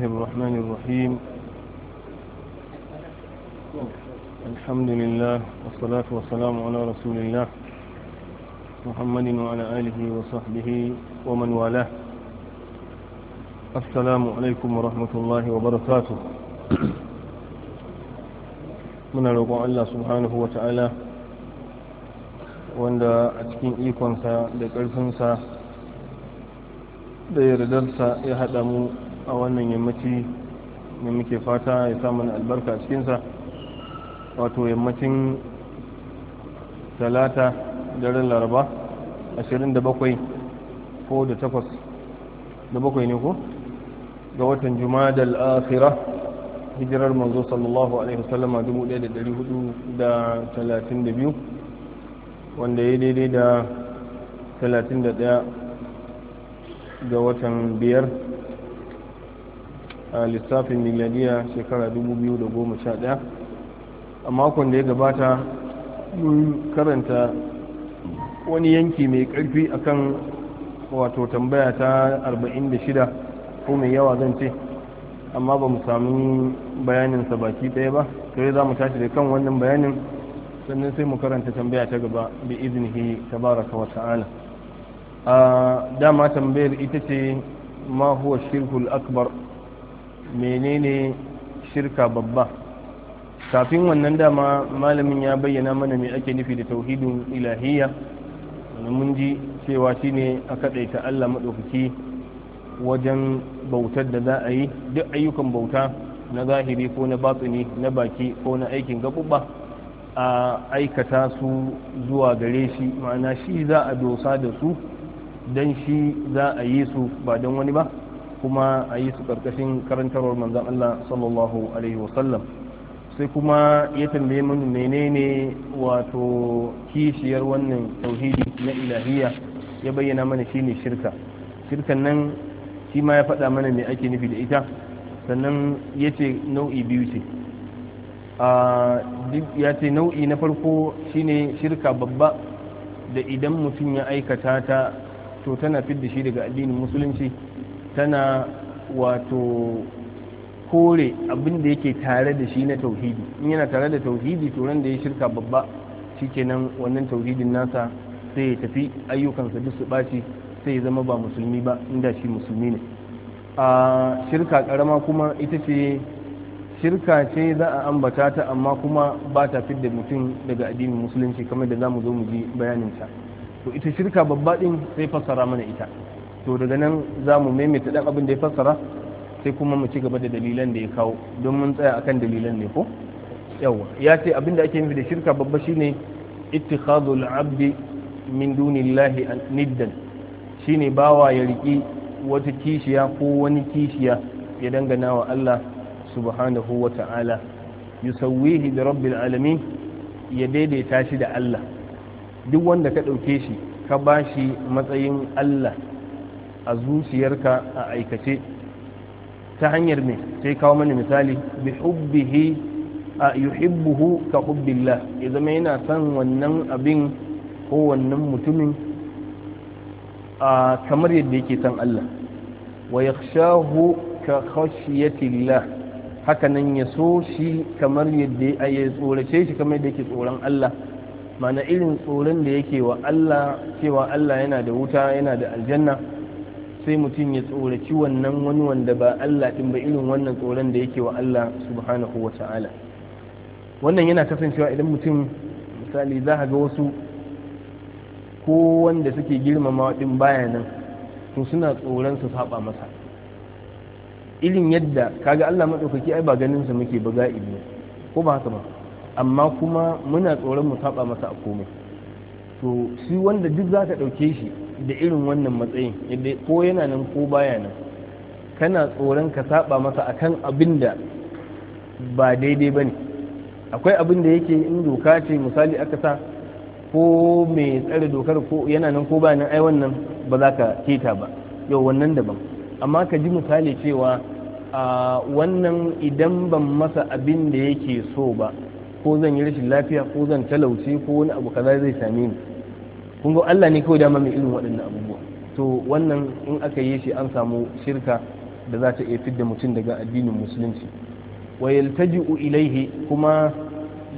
الله الرحمن الرحيم الحمد لله والصلاة والسلام على رسول الله محمد وعلى آله وصحبه ومن والاه السلام عليكم ورحمة الله وبركاته من رقع الله سبحانه وتعالى wanda a cikin ikonsa da ƙarfinsa da yardarsa ya haɗa mu a wannan yammaci ne muke fata ya samun albarka cikinsa wato yammacin talata daren laraba 27 ko da 8 da bakwai ne ko ga watan da al'afira hijirar manzo sallallahu alaihi wasallama 1432 wanda ya daidai da 31 ga watan biyar a lissafin miladiya shekara 2011 a makon da ya gabata mun karanta wani yanki mai karfi akan wato tambaya ta 46 ko mai yawa zan ce amma ba mu sami bayaninsa baki ɗaya ba sai za mu tashi da kan wannan bayanin sannan sai mu karanta tambaya ta gaba bi iznihi tabaraka wa ta'ala a dama tambayar ita ce ma huwa shirkul akbar menene shirka babba kafin wannan dama malamin ya bayyana mana me ake nufi da tauhidin ilahiyya mun ji cewa shine a kaɗaita Allah maɗaukaki wajen bautar da za a yi duk ayyukan bauta na zahiri ko na batsini na baki ko na aikin gaɓuɓɓa a aikata su zuwa gare shi ma'ana shi za a dosa da su don shi za a yi su ba don wani ba kuma a yi su ƙarƙashin karantarwar manzan Allah sallallahu alaihi wasallam sai kuma ya tambaye mun menene wato kishiyar wannan tauhidi na ilahiya ya bayyana mana shine shirka shirkan nan shi ma ya faɗa mana me ake nufi da ita sannan ya ce nau'i biyu ce ya ce nau'i na farko shine shirka babba da idan mutum ya aikata ta to tana fidda shi daga addinin musulunci tana wato kore abin da yake tare da shi na tauhidi in yana tare da tauhidi to da ya shirka babba shi shikenan wannan tauhidin nasa sai ya tafi ayyukansa duk su ɓaci sai ya zama ba musulmi ba inda shi musulmi ne a shirka karama kuma ita ce shirka ce za a ambata ta amma kuma ba ta fidda mutum daga addinin musulunci kamar da za mu zo mu ji bayaninta to ita shirka babba din sai fassara mana ita to daga nan za mu maimaita ɗan abin da ya fassara sai kuma mu ci gaba da dalilan da ya kawo don mun tsaya akan dalilan ne ko yawa ya ce abin da ake nufi da shirka babba shine ittikhadul abdi min dunillahi niddan shine bawa ya riki wata kishiya ko wani kishiya ya dangana wa Allah subhanahu wa ta'ala yusawwihi da rabbil alamin ya daidaita shi da Allah duk wanda ka ɗauke shi ka bashi matsayin Allah a zuciyarka a aikace ta hanyar mai sai kawo mani misali bi hubbihi a yuhibbuhu ka hubbillah ya zama yana son wannan abin ko wannan mutumin a kamar yadda yake son Allah wa yakhshahu ka khashyatillah haka nan ya so shi kamar yadda ya tsorace shi kamar yadda yake tsoron Allah mana irin tsoron da yake wa Allah cewa Allah yana da wuta yana da aljanna sai mutum ya tsoraci wannan wani wanda ba Allah ɗin ba irin wannan tsoron da yake wa Allah subhanahu wa ta'ala wannan yana kasancewa idan mutum misali za ga wasu ko wanda suke girmama din baya nan to suna tsoron su saba masa irin yadda kaga Allah madaukaki ai ba ganin sa muke ba ga'ibi ko ba haka ba amma kuma muna tsoron mu saba masa a komai to shi wanda duk zaka ɗauke shi da irin wannan matsayin yadda ko yana nan ko baya nan kana tsoron ka saba masa akan abin da ba daidai ba ne akwai abin da yake in doka ce misali aka sa ko mai tsare dokar ko yana nan ko baya nan ai wannan ba za ka keta ba yau wannan daban amma ka ji misali cewa a wannan idan ban masa abin da yake so ba ko zan yi rashin lafiya ko zan talauce ko wani abu kaza zai same ni kun ga Allah ne kawai dama mai irin waɗannan abubuwa to wannan in aka yi shi an samu shirka da za ta iya fidda mutum daga addinin musulunci wa yaltaji'u ilaihi kuma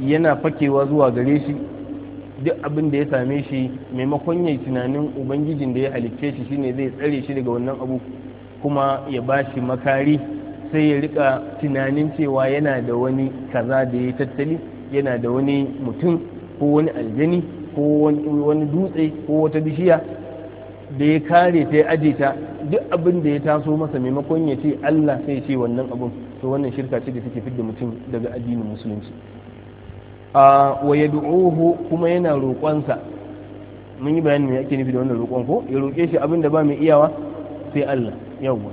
yana fakewa zuwa gare shi duk abin da ya same shi maimakon yayi tunanin ubangijin da ya halicce shi shine zai tsare shi daga wannan abu kuma ya ba shi makari sai ya rika tunanin cewa yana da wani kaza da ya tattali yana da wani mutum ko wani aljani ko wani dutse ko wata bishiya da ya kare ta ya aje ta duk abin da ya taso masa maimakon ya ce Allah sai ce wannan abun to wannan shirka ce da take fidda mutum daga addinin musulunci a wa yad'uhu kuma yana roƙonsa mun yi bayanin me ake nufi da wannan roƙon ko ya roƙe shi abin da ba mai iyawa sai Allah yawwa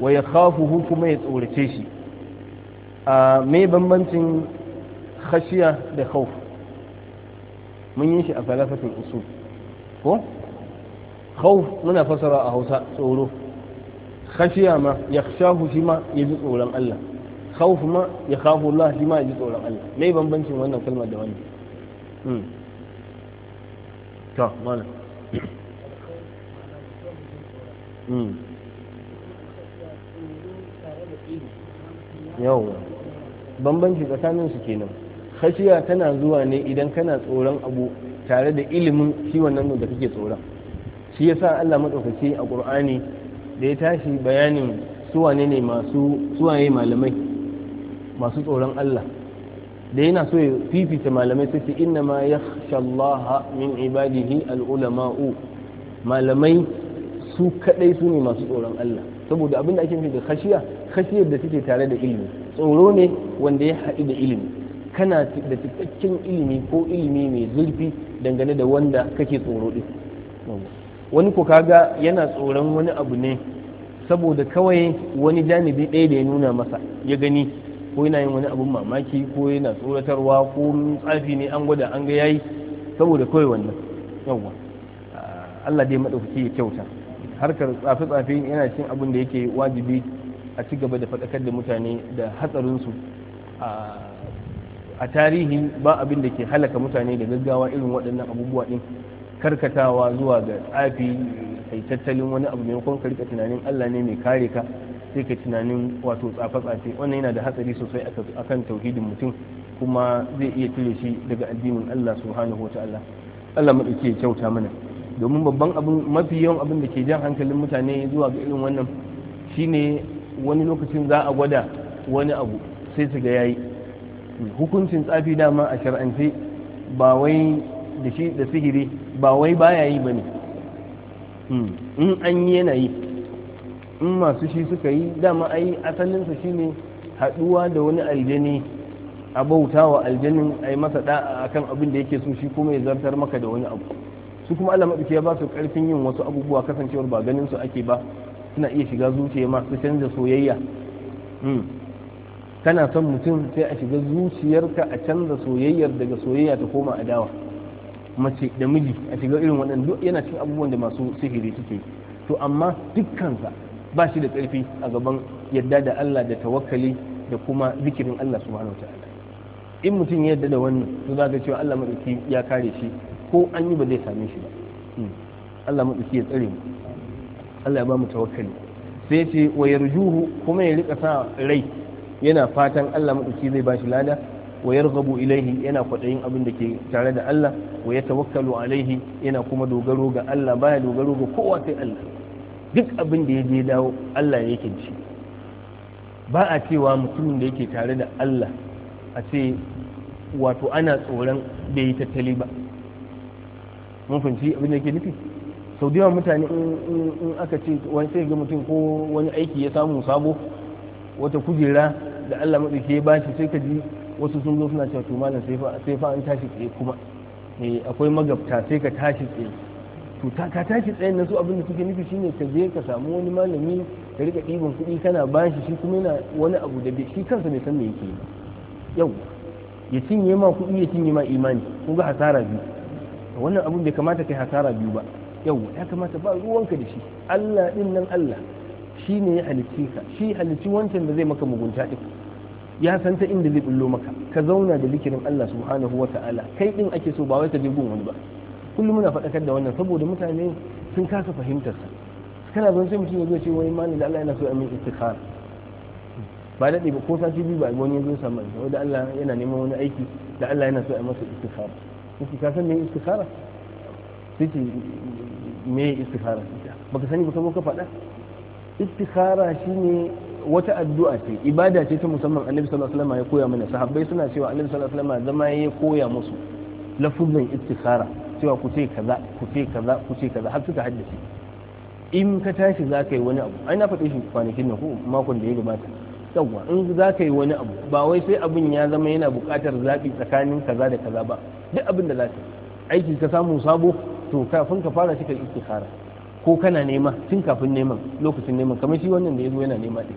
wa khafuhu kuma ya tsorace shi a me bambancin khashiya da khawf mun yi shi a falafatin usul ko khawf muna fasara a hausa tsoro khashiya ma ya shahu shi ma ya ji tsoron Allah khawf ma ya khafu Allah shi ma ya ji tsoron Allah me bambancin wannan kalma da wannan hmm to mana hmm yawa bambanci tsakanin su kenan khashiya tana zuwa ne idan kana tsoron abu tare da ilimin shi wannan da kake tsoron shi yasa Allah madaukaki a Qur'ani da ya tashi bayanin wane ne masu suwaye malamai masu tsoron Allah da yana so ya fifita malamai su ce inna ma yakhshallaha min ibadihi al-ulama'u malamai su kadai su ne masu tsoron Allah saboda abin da ake nufi da khashiya khashiyar da take tare da ilimi tsoro ne wanda ya haɗu da ilimi kana da cikakken ilimi ko ilimi mai zurfi dangane da wanda kake tsoro din wani ko kaga yana tsoron wani abu ne saboda kawai wani janibi ɗaya da ya nuna masa ya gani ko yana yin wani abun mamaki ko yana tsoratarwa ko tsafi ne an gwada an ga yayi saboda kawai wannan yawwa Allah dai madaukaki ya kyauta harkar tsafi-tsafi yana cikin abin da yake wajibi a ci gaba da faɗakar da mutane da hatsarinsu a a tarihi ba abin da ke halaka mutane da gaggawa irin waɗannan abubuwa ɗin karkatawa zuwa ga tsafi kai tattalin wani abu maimakon ka rika tunanin Allah ne mai kare ka sai ka tunanin wato tsafe-tsafe wannan yana da hatsari sosai akan tauhidin mutum kuma zai iya cire shi daga addinin Allah subhanahu wa ta'ala Allah mu ya kyauta mana domin babban abin mafi yawan abin da ke jan hankalin mutane zuwa ga irin wannan shine wani lokacin za a gwada wani abu sai su ga yayi hukuncin tsafi dama a shar'ance ba wai da shi da sihiri ba wai baya yi ne hmm. in an yi yanayi in masu shi suka yi dama a yi asalinsa shine haduwa da wani aljani a bauta wa aljanin yi masa a kan abin da yake so shi kuma ya zartar maka da wani abu su kuma Allah madauki ya ba su karfin yin wasu abubuwa kasancewar ba ganin su ake ba suna iya shiga zuciya masu canza soyayya hmm. kana son mutum sai a shiga zuciyarka a canza soyayyar daga soyayya ta koma adawa mace da miji a shiga irin waɗanda duk yana cikin abubuwan da masu sihiri suke to amma dukkansa ba shi da ƙarfi a gaban yadda da Allah da tawakkali da kuma zikirin Allah subhanahu ta'ala in mutum ya yadda da wannan to za ka cewa Allah madauki ya kare shi ko an yi ba zai same shi ba hmm. Allah madauki ya tsare mu Allah ya ba mu tawakkali sai ce wa yarjuhu kuma ya rika sa rai yana fatan Allah maɗauki zai bashi lada wa yarghabu ilaihi yana kwaɗayin abin da ke tare da Allah wa ya tawakkalu alaihi yana kuma dogaro ga Allah baya dogaro ga kowa sai Allah duk abin da ya je dawo Allah yake ci ba a cewa mutumin da yake tare da Allah a ce wato ana tsoron bai yi tattali ba mun fahimci abin da yake nufi sau da mutane in aka ce wani sai ga mutum ko wani aiki ya samu sabo wata kujera da Allah maɗauki ya bashi sai ka ji wasu sun zo suna cewa to malam sai fa an tashi tsaye kuma eh, akwai magabta sai ka tashi tsaye to ka tashi tsaye na su abin da suke nufi shine ka je ka samu wani malami ka rika ɗiban kuɗi kana bashi shi kuma yana wani abu da shi kansa bai san me yake yau ya cinye ma kuɗi ya cinye ma imani kun ga hasara biyu wannan abun bai kamata kai hasara biyu ba yau ya kamata ba ruwanka da shi Allah din nan Allah shi ne ya halicci ka shi halicci wancan da zai maka mugunta ɗin ya san ta inda zai bullo maka ka zauna da zikirin Allah subhanahu wa ta'ala kai din ake so ba wai ka je gun wani ba kullum muna faɗakar da wannan saboda mutane sun kasa fahimtar sa kana zan sai mutum ya zo ce wai mani da Allah yana so a min istikhara ba daɗe ba ko sati biyu ba wani ya zo samu wai da Allah yana neman wani aiki da Allah yana so a masa istikhar kace ka san me istikhara sai me istikhara baka sani ba ka faɗa istikhara shine wata addu'a ce ibada ce ta musamman annabi sallallahu alaihi wasallam ya koya mana sahabbai suna cewa annabi sallallahu alaihi wasallam zama ya koya musu lafuzin istikhara cewa ku ce kaza ku ce kaza ku ce kaza har suka haddace in ka tashi za ka yi wani abu ai na faɗi shi kwanakin nan ko makon da ya gabata yawwa in za ka yi wani abu ba wai sai abin ya zama yana buƙatar zaɓi tsakanin kaza da kaza ba duk abin da za ka yi aiki ka samu sabo to kafin ka fara cika ka istikhara ko kana nema tun kafin neman lokacin neman kamar shi wannan da ya zo yana nema ɗin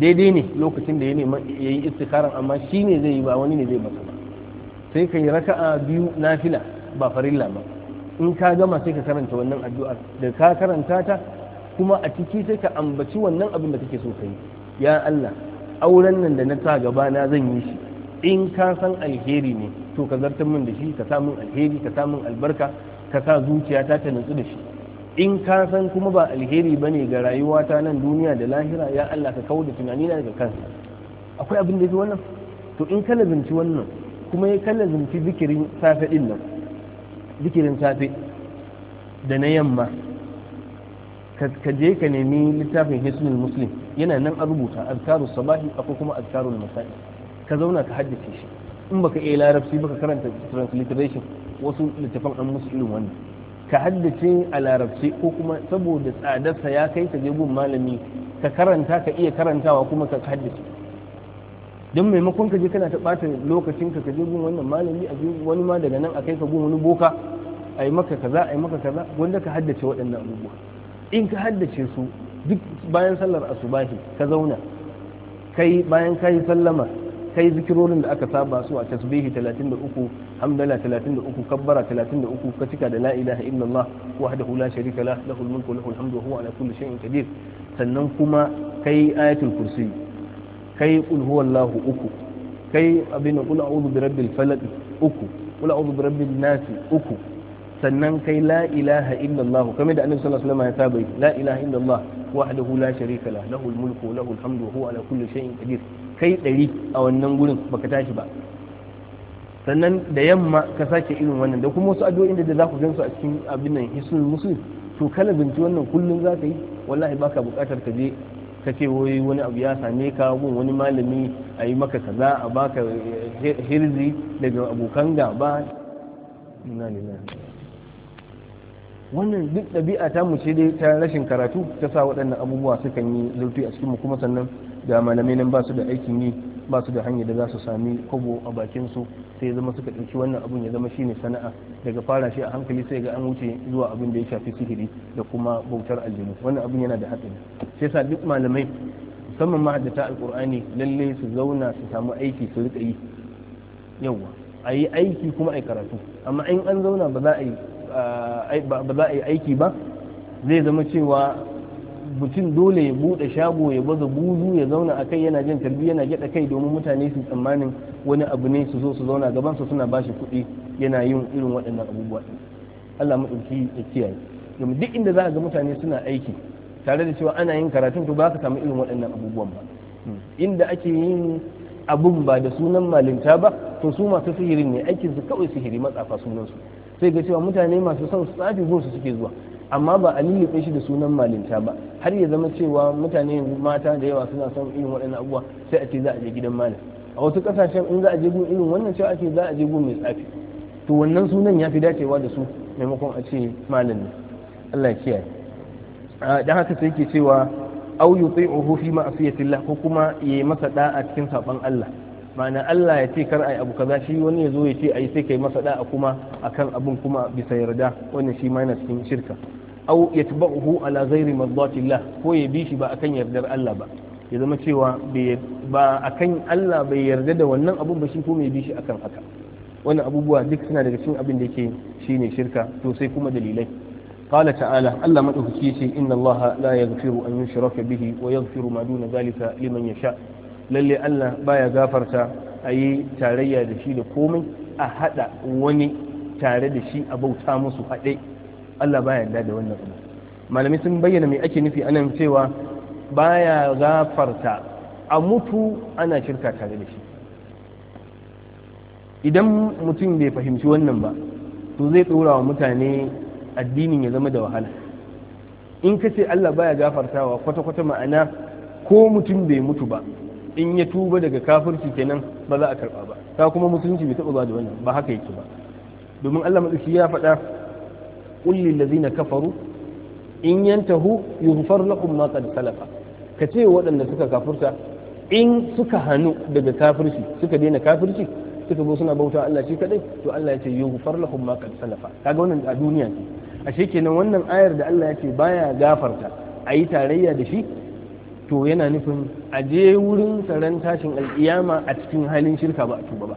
daidai ne lokacin da ya nema ya yi istikaran amma shi ne zai yi ba wani ne zai masa ba sai ka yi raka'a biyu nafila ba farilla ba in ka gama sai ka karanta wannan addu'ar da ka karanta ta kuma a ciki sai ka ambaci wannan abin da kake so ka yi ya Allah auren nan da na ta gaba na zan yi shi in ka san alheri ne to ka zartar min da shi ka sa min alheri ka sa min albarka ka sa zuciyata ta nutsu da shi in ka san kuma ba alheri ba ne ga rayuwa ta nan duniya da lahira ya Allah ka kawo da tunani na daga kansa akwai abin da ya fi wannan to in ka lazimci wannan kuma ya ka lazimci zikirin safe din nan zikirin safe da na yamma ka je ka nemi littafin hisnul muslim yana nan a rubuta azkaru sabahi akwai kuma azkarul masa'i ka zauna ka haddace shi in baka iya larabci baka karanta transliteration wasu littafan an musulun wannan ka haddace a larabci ko kuma saboda tsadarsa ya kai ka je gun malami ka karanta ka iya karantawa kuma ka haddace don maimakon ka je kana ta ɓata lokacin ka ka je gun wannan malami a wani ma daga nan a kai ka gun wani boka a yi maka kaza a yi maka kaza wanda ka haddace waɗannan abubuwa in ka haddace su duk bayan sallar asubahi ka zauna kai bayan ka yi sallama kai zikirorin da aka saba su a tasbihi 33 hamdala 33 kabbara 33 ka cika da la ilaha illallah wahdahu la sharika lah lahul mulku lahul hamdu wa huwa ala kulli shay'in qadir sannan kuma kai ayatul kursi kai qul huwallahu uku kai abin da kula a'udhu birabbil falaq uku kula a'udhu birabbin nas uku sannan kai la ilaha illallah kamar da annabi sallallahu alaihi wasallam ya saba la ilaha illallah wahdahu la sharika lah lahul mulku lahul hamdu wa huwa ala kulli shay'in qadir kai ɗari a wannan gurin baka tashi ba sannan da yamma ka sake irin wannan da kuma wasu addu'o'in da za ku gan su a cikin abin nan hisul musul to kala binci wannan kullum za ka yi wallahi baka buƙatar ka je ka ce wai wani abu ya same ka gun wani malami a yi maka kaza a baka hirzi daga abokan gaba wannan duk ɗabi'a ta mu ce dai ta rashin karatu ta sa waɗannan abubuwa sukan yi zurfi a cikinmu kuma sannan Da malamai nan ba su da aikin yi ba su da hanyar da za su sami kobo a bakin su sai zama suka ɗauki wannan abun ya zama shine sana'a daga fara shi a hankali sai ga an wuce zuwa abin da ya shafi sihiri da kuma bautar aljanu wannan abun yana da hatsari sai sa duk malamai musamman ma mahaddata Alƙur'ani lalle su zauna su samu aiki su rika yi yawa a yi aiki kuma a yi karatu amma in an zauna ba za a yi aiki ba zai zama cewa mutum dole ya bude shago ya baza buzu ya zauna a kai yana jin tarbi yana gyada kai domin mutane su tsammanin wani abu ne su zo su zauna gaban su suna bashi kuɗi yana yin irin waɗannan abubuwa Allah dauki ya kiyaye domin duk inda za ga mutane suna aiki tare da cewa ana yin karatun to ba ka samu irin waɗannan abubuwan ba inda ake yin abun ba da sunan malinta ba to su masu sihirin ne aikin su kawai sihiri matsafa sunan su sai ga cewa mutane masu son su tsafi gun su suke zuwa amma ba a lullufe shi da sunan malinta ba har ya zama cewa mutane mata da yawa suna son irin waɗannan abubuwa sai a ce za a je gidan malam a wasu kasashen in za a je gun irin wannan cewa ake za a je gun mai tsafi to wannan sunan ya fi dacewa da su maimakon a ce malam ne Allah ya kiyaye dan haka sai ke cewa au yuti'uhu fi ma'siyatillah ko kuma yayi masa da'a cikin saban Allah ma'ana Allah ya ce kar ai abu kaza shi wani ya zo ya ce ai sai kai masa da'a kuma akan abun kuma bisa yarda wannan shi ma yana cikin shirka au yatba'uhu ala ghairi mardatillah ko ya bi shi ba akan yardar Allah ba ya zama cewa ba akan Allah bai yarda da wannan abun ba shi ko mai bi shi akan haka wannan abubuwa duk suna daga cikin abin da yake shine shirka to sai kuma dalilai قال تعالى ألا مدهكيتي إن الله لا يغفر أن يشرك به ويغفر ما دون ذلك لمن يشاء lalle Allah baya gafarta a yi tarayya da shi da komai a haɗa wani tare da shi a bauta musu haɗe Allah baya yarda da wannan abu malami sun bayyana mai ake nufi anan cewa baya gafarta a mutu ana shirka tare da shi idan mutum bai fahimci wannan ba to zai tsora wa mutane addinin ya zama da wahala in ka ce Allah baya gafartawa kwata-kwata ma'ana ko mutum bai mutu ba in ya tuba daga kafirci kenan ba za a karba ba ta kuma musulunci bai taɓa zuwa da wannan ba haka yake ba domin Allah madauki ya faɗa qul lil ladzina kafaru in yantahu yughfar lakum ma qad salafa ka ce waɗanda suka kafirta in suka hannu daga kafirci suka daina kafirci suka zo suna bauta Allah shi kadai to Allah ya ce yughfar lahum ma qad salafa kaga wannan a duniya ce ashe kenan wannan ayar da Allah ya ce baya gafarta ayi tarayya da shi to yana nufin a je wurin tsaron tashin al'iyama a cikin halin shirka ba a tuba ba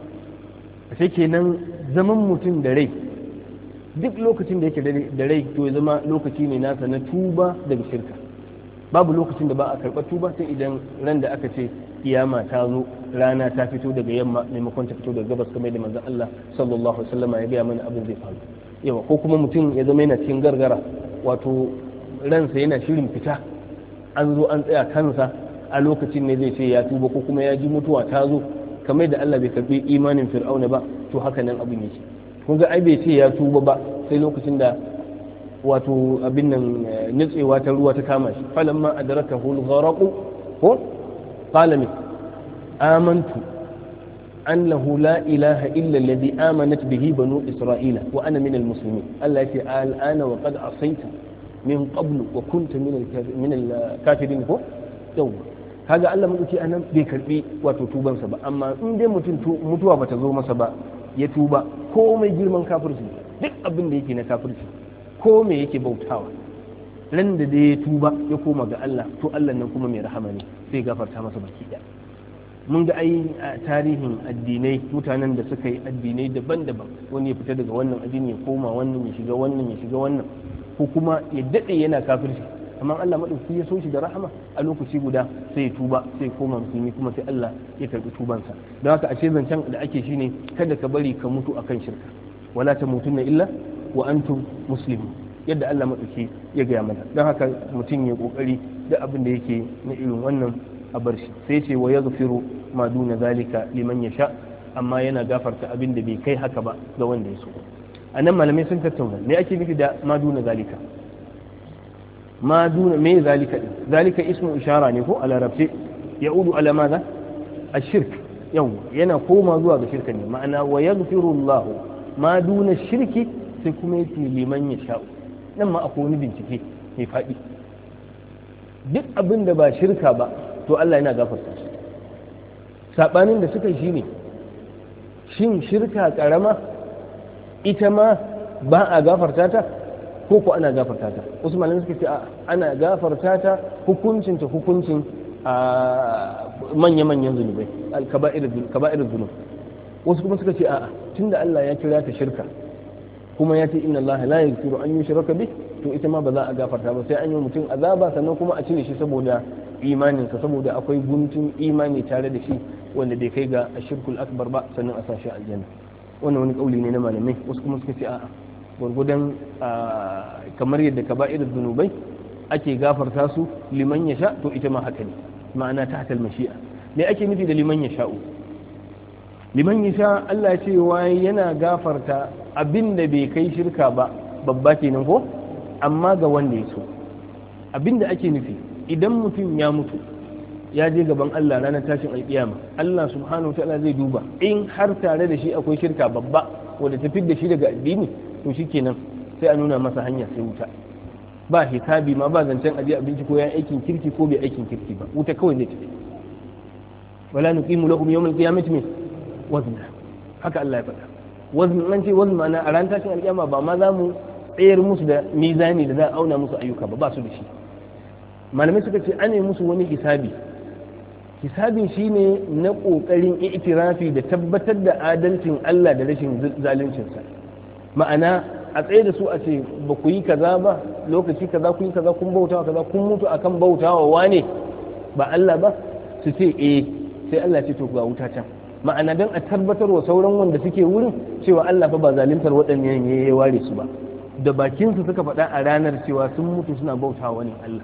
sai kenan zaman mutum da rai duk lokacin da yake da rai to ya zama lokaci ne nasa na tuba daga shirka babu lokacin da ba a karɓar tuba sai idan ran da aka ce kiyama ta zo rana ta fito daga yamma maimakon ta fito daga gabas kamar da manzon Allah sallallahu alaihi wasallam ya gaya mana abin zai faru yawa ko kuma mutum ya zama yana cikin gargara wato ransa yana shirin fita an zo an tsaya kansa a lokacin ne zai ce ya tuba ko kuma ya ji mutuwa ta zo kamar da Allah bai karbi imanin fir'auna ba to haka nan abin yake kun ga ai bai ce ya tuba ba sai lokacin da wato abin nan eh, nitsewa ta ruwa ta kama shi falamma adraka hul gharaqu ko qala min amantu annahu la ilaha illa alladhi amanat bihi banu isra'ila wa ana min Allah ya ce al'ana wa qad asaytu min qablu wa kunta min al-kafirin ko yau kaga Allah ce anan bai karbi wato tubansa ba amma in dai mutum mutuwa bata zo masa ba ya tuba ko mai girman kafirci duk abin da yake na kafirci ko me yake bautawa nan da dai ya tuba ya koma ga Allah to Allah nan kuma mai rahama ne sai gafarta masa baki da mun ga ai tarihin addinai mutanen da suka yi addinai daban-daban wani ya fita daga wannan addini ya koma wannan ya shiga wannan ya shiga wannan ko kuma ya daɗe yana kafirci amma Allah maɗauki ya so shi da rahama a lokaci guda sai ya tuba sai koma musulmi kuma sai Allah ya karɓi tubansa don haka ashe zancen da ake shine kada ka bari ka mutu akan shirka wala ta mutunna illa wa antum muslimun yadda Allah maɗauki ya gaya mana don haka mutum ya ƙoƙari da abin da yake na irin wannan a bar shi sai ce wa yaghfiru ma duna zalika liman ya sha amma yana gafarta abin da bai kai haka ba ga wanda ya so a nan malamai sun tattauna me ake nufi da ma duna zalika ma duna me zalika din zalika ismu ishara ne ko a larabce ya'udu ala A ashirk yau yana koma zuwa ga shirka ne ma'ana wa yaghfirullahu ma duna shirki sai kuma yace liman ya sha'u nan ma akwai wani bincike mai faɗi duk abin da ba shirka ba to Allah yana gafarta shi sabanin da suka shi ne shin shirka karama ita ma ba a gafarta ta ko ko ana gafarta ta wasu malamai suka ce ana gafarta ta hukuncin ta hukuncin manya-manyan zunubai al-kaba'ir zunub wasu kuma suka ce a'a tunda Allah ya kira ta shirka kuma ya ce inna Allah la yaghfiru an yushraka bih to ita ma ba za a gafarta ba sai an yi mutum azaba sannan kuma a cire shi saboda imaninsa saboda akwai guntun imani tare da shi wanda bai kai ga ashirkul akbar ba sannan a sa shi aljanna wannan wani kauli ne na malamai wasu kuma suka ce a'a gurgudan kamar yadda ka ba irin zunubai ake gafarta su liman ya sha to ita ma haka ne ma'ana ta hatal mashi'a me ake nufi da liman ya sha'u liman ya sha Allah cewa yana gafarta abin da bai kai shirka ba babba kenan ko amma ga wanda ya so abin da ake nufi idan mutum ya mutu ya je gaban Allah ranar tashin alƙiyama Allah subhanahu wa ta'ala zai duba in har tare da shi akwai shirka babba wanda ta fidda shi daga addini to shikenan sai a nuna masa hanya sai wuta ba hisabi ma ba zancen aje abinci ko ya aikin kirki ko bai aikin kirki ba wuta kawai zai tafi wala nuqimu lahum yawmal qiyamati min wazn haka Allah ya faɗa wazn nan ce wazn ma'ana a ran tashin alƙiyama ba ma za mu tsayar musu da mizani da za a auna musu ayyuka ba ba su da shi malamai suka ce yi musu wani hisabi hisabi shine na ƙoƙarin itirafi da tabbatar da adalcin Allah da rashin zaluncinsa ma'ana a tsaye da su a ce ba ku yi kaza ba lokaci kaza ku yi kaza kun bauta kaza kun mutu akan bautawa wane ba Allah ba su ce eh sai Allah ce to ga wuta can ma'ana don a tabbatar wa sauran wanda suke wurin cewa Allah fa ba zaluntar waɗannan ya ware su ba da bakinsu suka faɗa a ranar cewa sun mutu suna bautawa wani Allah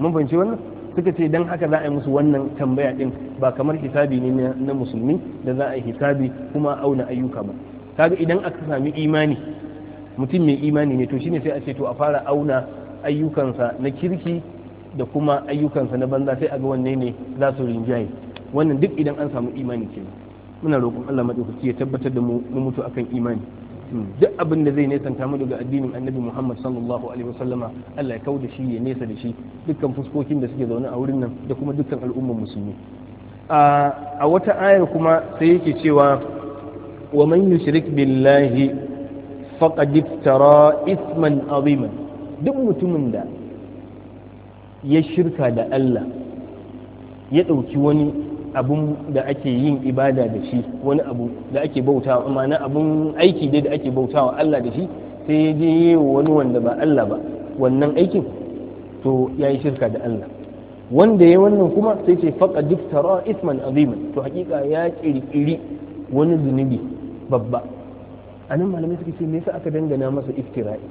mun fahimci wannan suka ce dan haka za a yi musu wannan tambaya din ba kamar hisabi ne na musulmi da za a yi hisabi kuma auna ayyuka ba kaga idan aka sami imani mutum mai imani ne to shine sai a ce to a fara auna ayyukansa na kirki da kuma ayyukansa na banza sai a ga wanne ne za su rinjaye wannan duk idan an samu imani kenan muna roƙon Allah madaukaki ya tabbatar da mu mutu akan imani duk abin da zai nesanta mu daga addinin annabi muhammad sallallahu alaihi wasallama allah ya kau da shi ya nesa da shi dukkan fuskokin da suke zaune a wurin nan da kuma dukkan al'ummar musulmi a wata ayar kuma sai yake cewa wa man yushrik billahi faqad iftara isman aziman duk mutumin da ya shirka da allah ya ɗauki wani Abin da ake yin ibada da shi wani abu da ake bautawa ma'ana abun aiki dai da ake bautawa Allah da shi sai ya je wani wanda ba Allah ba wannan aikin to ya yi shirka da Allah wanda ya wannan kuma sai ce faqa diftara isman aziman to hakika ya kirkiri wani zunubi babba a nan malamai suka ce me yasa aka dangana masa iftira'i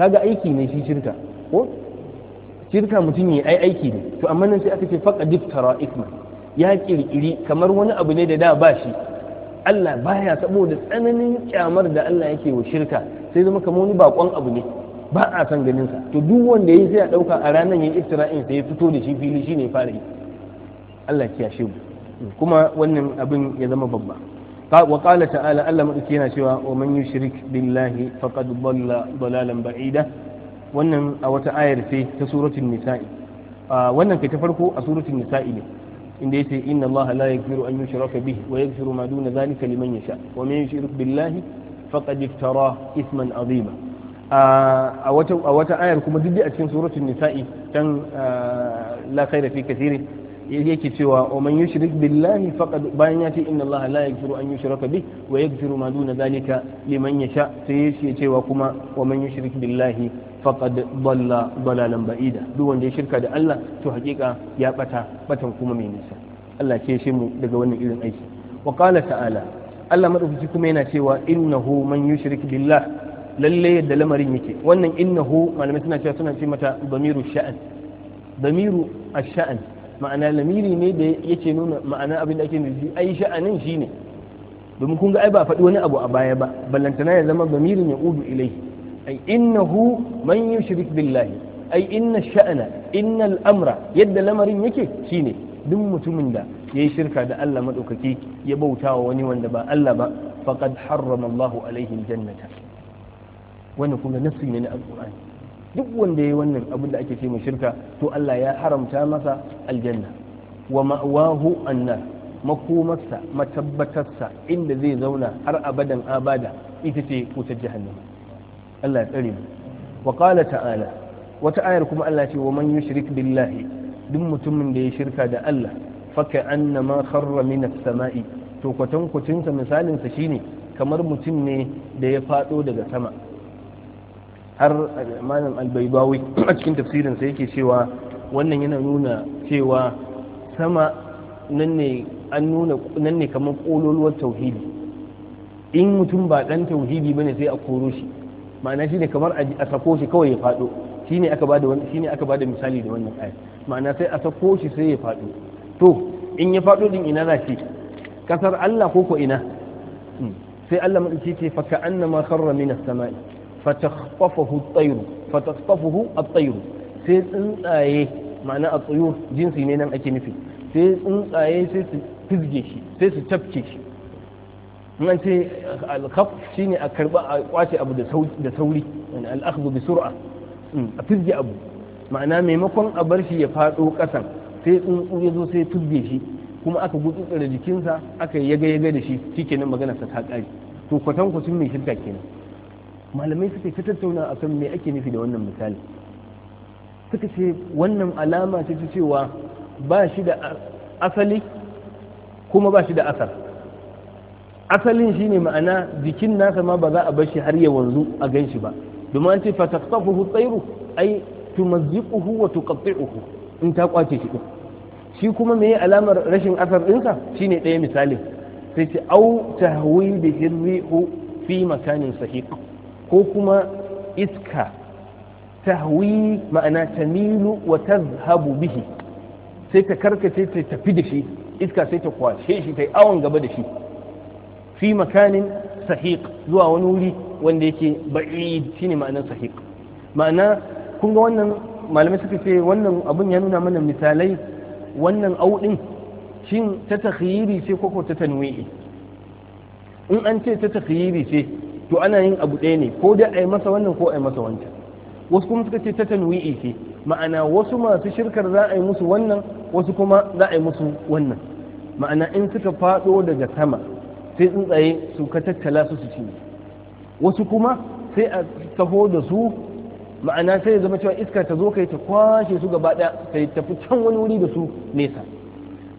kaga aiki ne shi shirka ko shirka mutum ya yi aiki ne to amma nan sai aka ce faqa diftara isman ya kirkiri kamar wani abu ne da da ba shi Allah baya saboda tsananin kyamar da Allah yake wa shirka sai zama kamar wani bakon abu ne ba a san ganin sa to duk wanda yayi sai ya dauka a ranar yayin isra'il sai ya fito da shi fili shine fara yi Allah ya shi kuma wannan abin ya zama babba wa qala ta'ala Allah madauki yana cewa wa man yushrik billahi faqad dalla dalalan ba'ida wannan a wata ayar ta suratul nisa'i wannan kai ta farko a suratul nisa'i ne inda yace inna allaha la yaghfiru an yushraka bihi wa yaghfiru ma duna zalika liman yasha wa man yushrik billahi faqad iftara isman azima a wata a wata ayar kuma duk a cikin suratul nisa'i dan la khayra fi kathirin yake cewa wa man yushrik billahi faqad bayan ya ce inna allaha la yaghfiru an yushraka bihi wa yaghfiru ma duna zalika liman yasha sai yace cewa kuma wa man yushrik billahi faqad dalla dalalan ba'ida duk wanda ya shirka da Allah to hakika ya bata batan kuma mai nisa Allah ke shi mu daga wannan irin aiki wa qala ta'ala Allah madaukaki kuma yana cewa innahu man yushrik billah lalle yadda lamarin yake wannan innahu malamai suna cewa suna ce mata damiru sha'an damiru ash-sha'an ma'ana lamiri ne da yake nuna ma'ana abin da ake nufi ai sha'anin shine domin kun ga ai ba faɗi wani abu a baya ba ballantana ya zama damirin ya udu ilai ai innahu man yushrik billahi ai inna sha'ana innal amra yadda lamarin yake shine duk mutumin da yayi shirka da Allah madaukaki ya bautawa wani wanda ba Allah ba faqad harrama Allahu alaihi wannan kuma nafsi ne na alqur'ani duk wanda yayi wannan abin da ake ce mai shirka to Allah ya haramta masa aljanna wa ma'wahu annar makomarsa matabbatarsa inda zai zauna har abadan abada ita ce wutar jahannama Allah ya tsare mu wa qala ta'ala wata ayar kuma Allah ce wa man yushrik billahi duk mutumin da ya shirka da Allah faka annama kharra min as-sama'i to kwatan misalinsa misalin sa shine kamar mutum ne da ya fado daga sama har malam albaibawi a cikin tafsirin sa yake cewa wannan yana nuna cewa sama nan ne an nuna nan ne kamar kololuwar tauhidi in mutum ba dan tauhidi bane sai a koro shi ma'ana shi ne kamar a sako shi kawai ya faɗo ne aka bada wannan shine aka bada misali da wannan aya ma'ana sai a sako shi sai ya faɗo to in ya faɗo din ina za shi kasar Allah ko ko ina hmm. sai Allah madauki ce fa ka annama kharra min as-sama'i fatakhtafahu at-tayru fatakhtafahu at-tayru sai tsuntsaye ma'ana a tsuyur jinsi ne nan ake nufi sai tsuntsaye sai su fizge shi sai su tafke shi nan ce alkhaf shine a karba a kwace abu da sauri al'akhdhu bi sur'a hmm, a fizge abu ma'ana maimakon a bar shi ya fado kasan sai tsuntsu ya zo sai tubbe shi kuma aka gutsutsura jikinsa aka yaga yaga da shi shikenan magana sa ta kare to kwatan sun mai shirka kenan malamai suka ta tattauna akan me ake nufi da wannan misali suka ce wannan alama ce ta cewa ba shi da asali kuma ba shi da asar asalin shine ma'ana jikin nasa ma ba za a bar shi har ya wanzu a gan shi ba domin an ce fataktafuhu tsairu ai tumazziquhu wa tuqatti'uhu in ta kwace shi shi kuma me alamar rashin asar ɗinsa shine ɗaya misalin sai ce au tahwi bi hirrihu fi makanin sahiq ko kuma iska tahwi ma'ana tamilu wa tazhabu bihi sai ta karkace ta tafi da shi iska sai ta kwashe shi ta yi awon gaba da shi fi makanin sahiq zuwa wani wuri wanda yake ba'id shine ma'anar sahiq ma'ana kun ga wannan malamai suka ce wannan abun ya nuna mana misalai wannan audin shin ta takhyiri ce ko ta tanwi'i in an ce ta takhyiri ce to ana yin abu ɗaya ne ko dai a yi masa wannan ko a yi masa wancan wasu kuma suka ce ta tanwi'i ce ma'ana wasu masu shirkar za a yi musu wannan wasu kuma za a yi musu wannan ma'ana in suka faɗo daga sama sai tsuntsaye su ka tattala su su ci. wasu kuma sai a taho da su ma'ana sai ya zama cewa iska ta zo kai ta kwashe su gaba ɗaya yi tafi can wani wuri da su nesa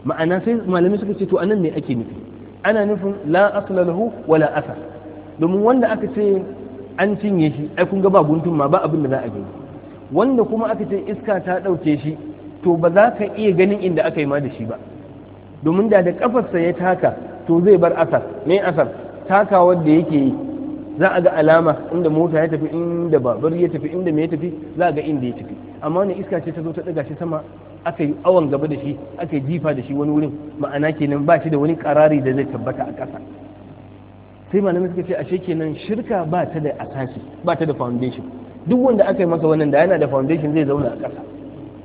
ma'ana sai malamai suka ce to anan ne ake nufi ana nufin la asla lahu wala asa domin wanda aka ce an cinye shi ai kun ga ba guntun ma ba abin da za a gani wanda kuma aka ce iska ta ɗauke shi to ba za ka iya ganin inda aka yi ma da shi ba domin da da kafarsa ya taka to zai bar asar me asar taka da yake yi za a ga alama inda mota ya tafi inda babur ya tafi inda me ya tafi za a ga inda ya tafi amma wani iska ce ta zo ta daga shi sama aka yi awon gaba da shi aka yi jifa da shi wani wurin ma'ana kenan ba shi da wani karari da zai tabbata a ƙasa sai malamai suka ce ashe kenan shirka ba ta da asasi ba ta da foundation duk wanda aka yi masa wannan da yana da foundation zai zauna a ƙasa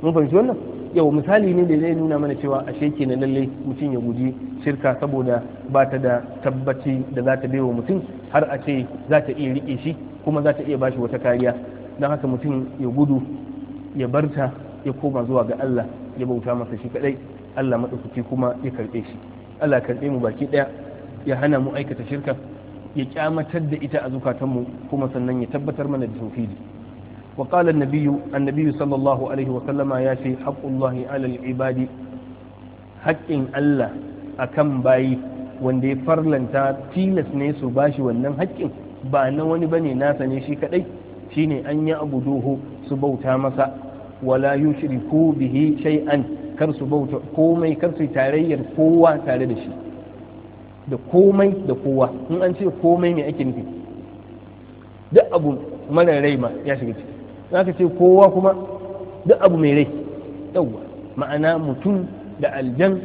mun fahimci wannan yau misali ne da zai nuna mana cewa ashe na lallai mutum ya guji shirka saboda ba ta da tabbaci da za ta wa mutum har a ce za ta iya riƙe shi kuma za ta iya bashi wata kariya don haka mutum ya gudu ya barta ya koma zuwa ga Allah ya bauta masa shi kadai Allah madaukaki kuma ya karɓe shi Allah karɓe mu baki ɗaya ya hana mu aikata shirka ya kyamatar da ita a zukatanmu kuma sannan ya tabbatar mana da tauhidi وقال النبي النبي صلى الله عليه وسلم ياتي حق الله على العباد حق الله akan bayi wanda ya farlanta tilas ne su bashi wannan haƙƙin ba na wani bane nasa ne shi kadai ne an yi abu doho su bauta masa wala yushriku bihi shay'an kar su bauta komai kar su tarayyar kowa tare da shi da komai da kowa in an ce komai ne ake nufi duk abu mara rai ma ya shiga ciki za ka ce kowa kuma duk abu mai rai yawwa ma'ana mutum da aljan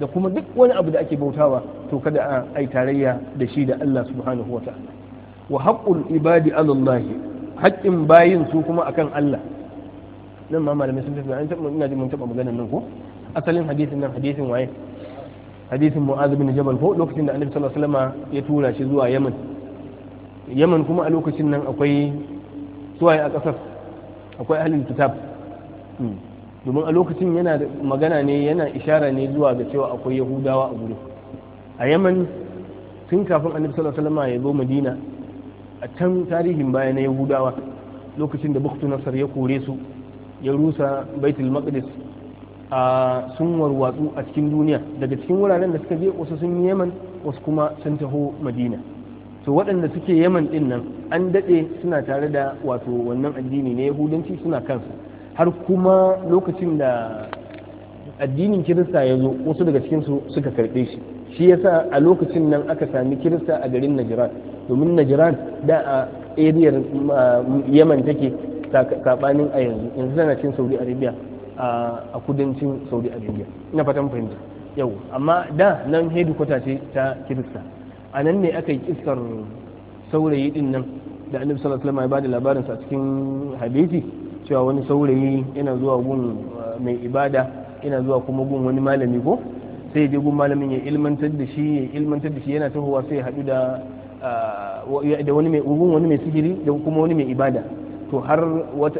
da kuma duk wani abu da ake bautawa to kada a ai tarayya da shi da Allah subhanahu wa ta'ala wa haqqul ibadi ala Allah haƙƙin bayin su kuma akan Allah nan ma malamai sun tafi an taɓa ina jin mun taɓa maganar nan ko asalin hadisin nan hadisin waye hadisin mu'az bin jabal ko lokacin da annabi sallallahu alaihi wasallam ya tura shi zuwa yaman yaman kuma a lokacin nan akwai suwaye a ƙasar akwai halin kitab domin a lokacin yana magana ne yana ishara ne zuwa ga cewa akwai yahudawa a gudu a yaman tun kafin annabi sallallahu alaihi wasallam ya zo madina a can tarihin baya na yahudawa lokacin da buktu nasar ya kore su ya rusa baitul maqdis a sun warwatsu a cikin duniya daga cikin wuraren da suka je wasu sun yi yaman wasu kuma sun taho madina to waɗanda suke yaman din nan an daɗe suna tare da wato wannan addini ne yahudanci suna kansu har kuma lokacin da addinin kirista ya zo wasu daga cikinsu suka karɓe shi shi yasa a lokacin nan aka sami kirista a garin najiran domin najiran da a ariyar yaman take saɓanin a yanzu yanzu tana cin saudi arabia a kudancin saudi arabia ina fatan fahimta yau amma da nan hedikwata ce ta kirista a nan ne aka yi kiskar saurayi din nan da annabi sallallahu alaihi wasallam ya bada labarin sa cikin hadisi cewa wani saurayi yana zuwa gun uh, mai ibada yana zuwa kuma gun wani malami ko sai ya je gun malamin ya ilmantar da shi ya ilmantar da shi yana tahowa sai ya haɗu da uh, da wani mai ugun wani mai sihiri da kuma wani mai ibada to har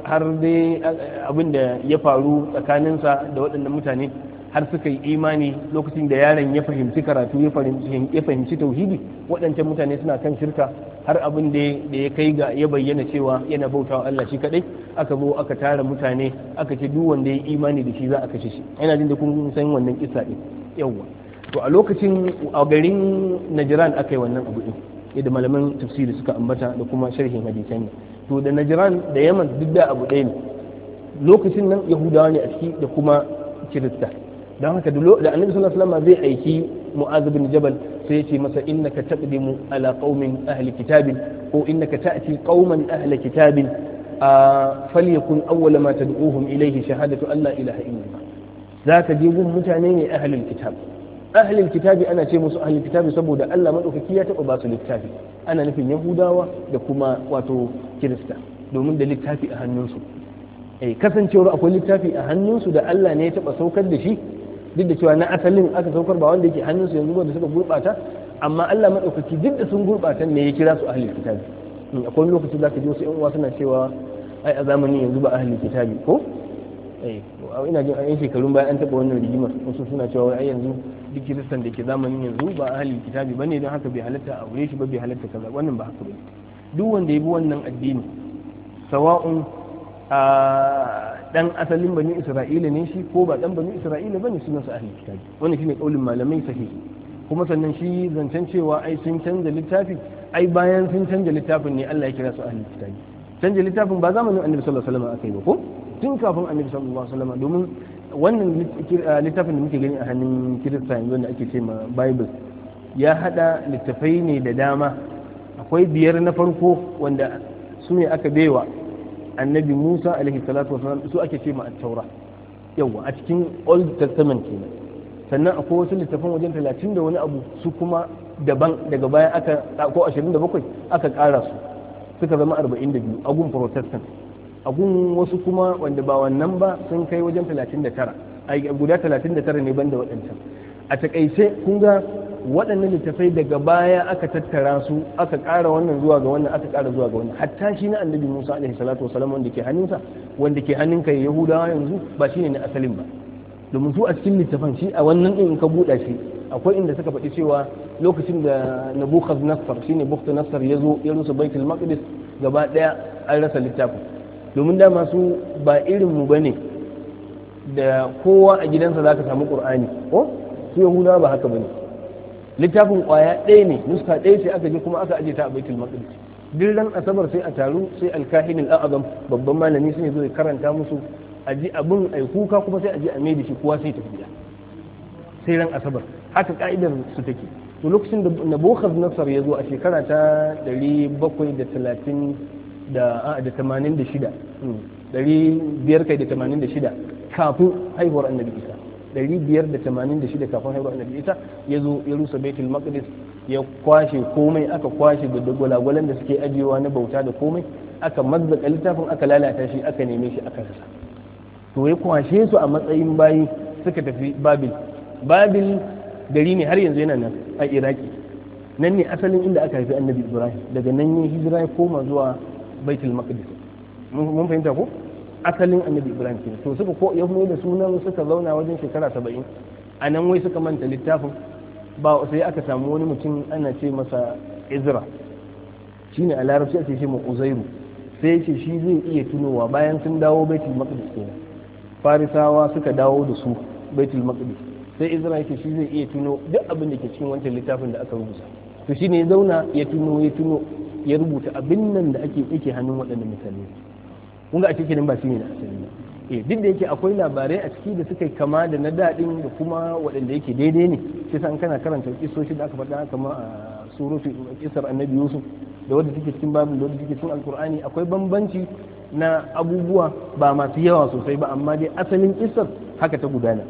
har dai uh, abin da ya faru tsakaninsa da waɗannan mutane har suka yi imani lokacin da yaron ya fahimci karatu ya fahimci tauhidi waɗancan mutane suna kan shirka har abin da ya kai ga ya bayyana cewa yana bautawa Allah shi kadai aka zo aka tara mutane aka ce duk wanda ya imani da shi za a kashe shi yana jin da kun san wannan kisa din yawa to a lokacin a garin Najran aka yi wannan abu din yadda malaman tafsiri suka ambata da kuma sharhin hadisan ne to da Najran da Yaman duk da abu ɗaya ne lokacin nan Yahudawa ne a ciki da kuma Kirista don haka da annabi sallallahu alaihi wasallam zai aiki mu'az bin jabal sai yace masa innaka taqdimu ala qaumin ahli kitabin ko innaka ta'ti qauman ahli a falyakun awwala ma tad'uhum ilayhi shahadatu an ilaha illallah zaka je gun mutane ne ahlul kitab ahlul kitabi ana ce musu ahlul kitabi saboda Allah madaukaki ya taba basu littafi ana nufin yahudawa da kuma wato kirista domin da littafi a hannunsu eh, kasancewar akwai littafi a hannunsu da Allah ne ya taba saukar da shi duk da cewa na asalin aka saukar ba wanda yake hannunsu yanzu ba da suka gurɓata amma Allah maɗaukaki duk da sun gurɓata ne ya kira su ahlul kitabi hmm, akwai lokaci za ka ji wasu ƴan uwa suna cewa ai a zamanin yanzu ba ahli kitabi ko eh ina jin an shekarun baya an taɓa wannan rigimar wasu suna cewa ai yanzu duk kiristan da ke zamanin yanzu ba ahlul kitabi bane don haka bai halatta a aure shi ba bai halatta kaza wannan ba haka bane duk wanda ya bi wannan addini sawa'un dan asalin bani isra'ila ne shi ko ba dan bani isra'ila bane sunan sa ahli kitab wannan shine kaulin malamai sahihi kuma sannan shi zancen cewa ai sun canza littafi ai bayan sun canza littafin ne Allah ya kira su ahli kitab canza littafin ba zamanin annabi sallallahu alaihi wasallam akai ba ko tun kafin annabi sallallahu alaihi wasallam domin wannan littafin da muke gani a hannun kirista yanzu wanda ake ce ma bible ya hada littafai ne da dama akwai biyar na farko wanda su ne aka baiwa annabi Musa alaihi salatu salam su ake ce ma at-taura yawa a cikin old testament kenan sannan akwai wasu littafan wajen talatin da wani abu su kuma daban daga baya aka ko 27 aka kara su suka zama 42 agun protestant agun wasu kuma wanda ba wannan ba sun kai wajen 39 ai guda 39 ne banda waɗancan a takaice kun ga waɗannan littafai daga baya aka tattara su aka ƙara wannan zuwa ga wannan aka ƙara zuwa ga wannan hatta shi na annabi Musa alaihi salatu wasalam wanda ke hannunsa wanda ke kai Yahudawa yanzu ba shi ne na asalin ba domin su a cikin littafan shi a wannan din ka buɗa shi akwai inda suka faɗi cewa lokacin da Nabucodonosor shine Nassar ya zo ya rusa Baitul Maqdis gaba ɗaya an rasa littafin domin dama su ba irin mu bane da kowa a gidansa zaka samu Qur'ani ko su Yahudawa ba haka bane littafin kwaya ɗaya ne nuska ɗaya sai aka je kuma aka aje ta a baitul maqdis duk ran asabar sai a taru sai alkahin al'azam babban malami sai zo ya karanta musu aji abun ai kuka kuma sai aji a mai da shi kowa sai tafiya sai ran asabar haka ka'idar su take to lokacin da nabokhaz nasar ya zo a shekara ta 730 da da 86 hmm. kafin haihuwar annabi isa 586 kafin haihuwar annabi isa ya zo ya rusa baitul maqdis ya kwashe komai aka kwashe da gwalagwalan da suke ajiyewa na bauta da komai aka mazzaka littafin aka lalata shi aka neme shi aka rasa to ya kwashe su a matsayin bayi suka tafi babil babil gari ne har yanzu yana nan a iraki nan ne asalin inda aka haifi annabi ibrahim daga nan ya hijira ya koma zuwa baitul maqdis mun fahimta ko asalin annabi ibrahim ke to suka ko yahu da sunan suka zauna wajen shekara saba'in a nan wai suka manta littafin ba sai aka samu wani mutum ana ce masa izra shine a larabci ake ce ma uzairu sai ya ce shi zai iya tunowa bayan sun dawo baitul maqdis kenan farisawa suka dawo da su baitul maqdis sai izra yake shi zai iya tuno duk abin da ke cikin wancan littafin da aka rubuta to shine ya zauna ya tuno ya tuno ya rubuta abin nan da ake yake hannun waɗannan mutane kun ga a cikin ba shi ne na asali ba eh duk da yake akwai labarai a ciki da suka kama da na daɗin da kuma waɗanda yake daidai ne sai san kana karanta kisoshi da aka faɗa kamar a surutu kisar annabi yusuf da wadda take cikin babu da wadda take cikin alkur'ani akwai bambanci na abubuwa ba masu yawa sosai ba amma dai asalin kisar haka ta gudana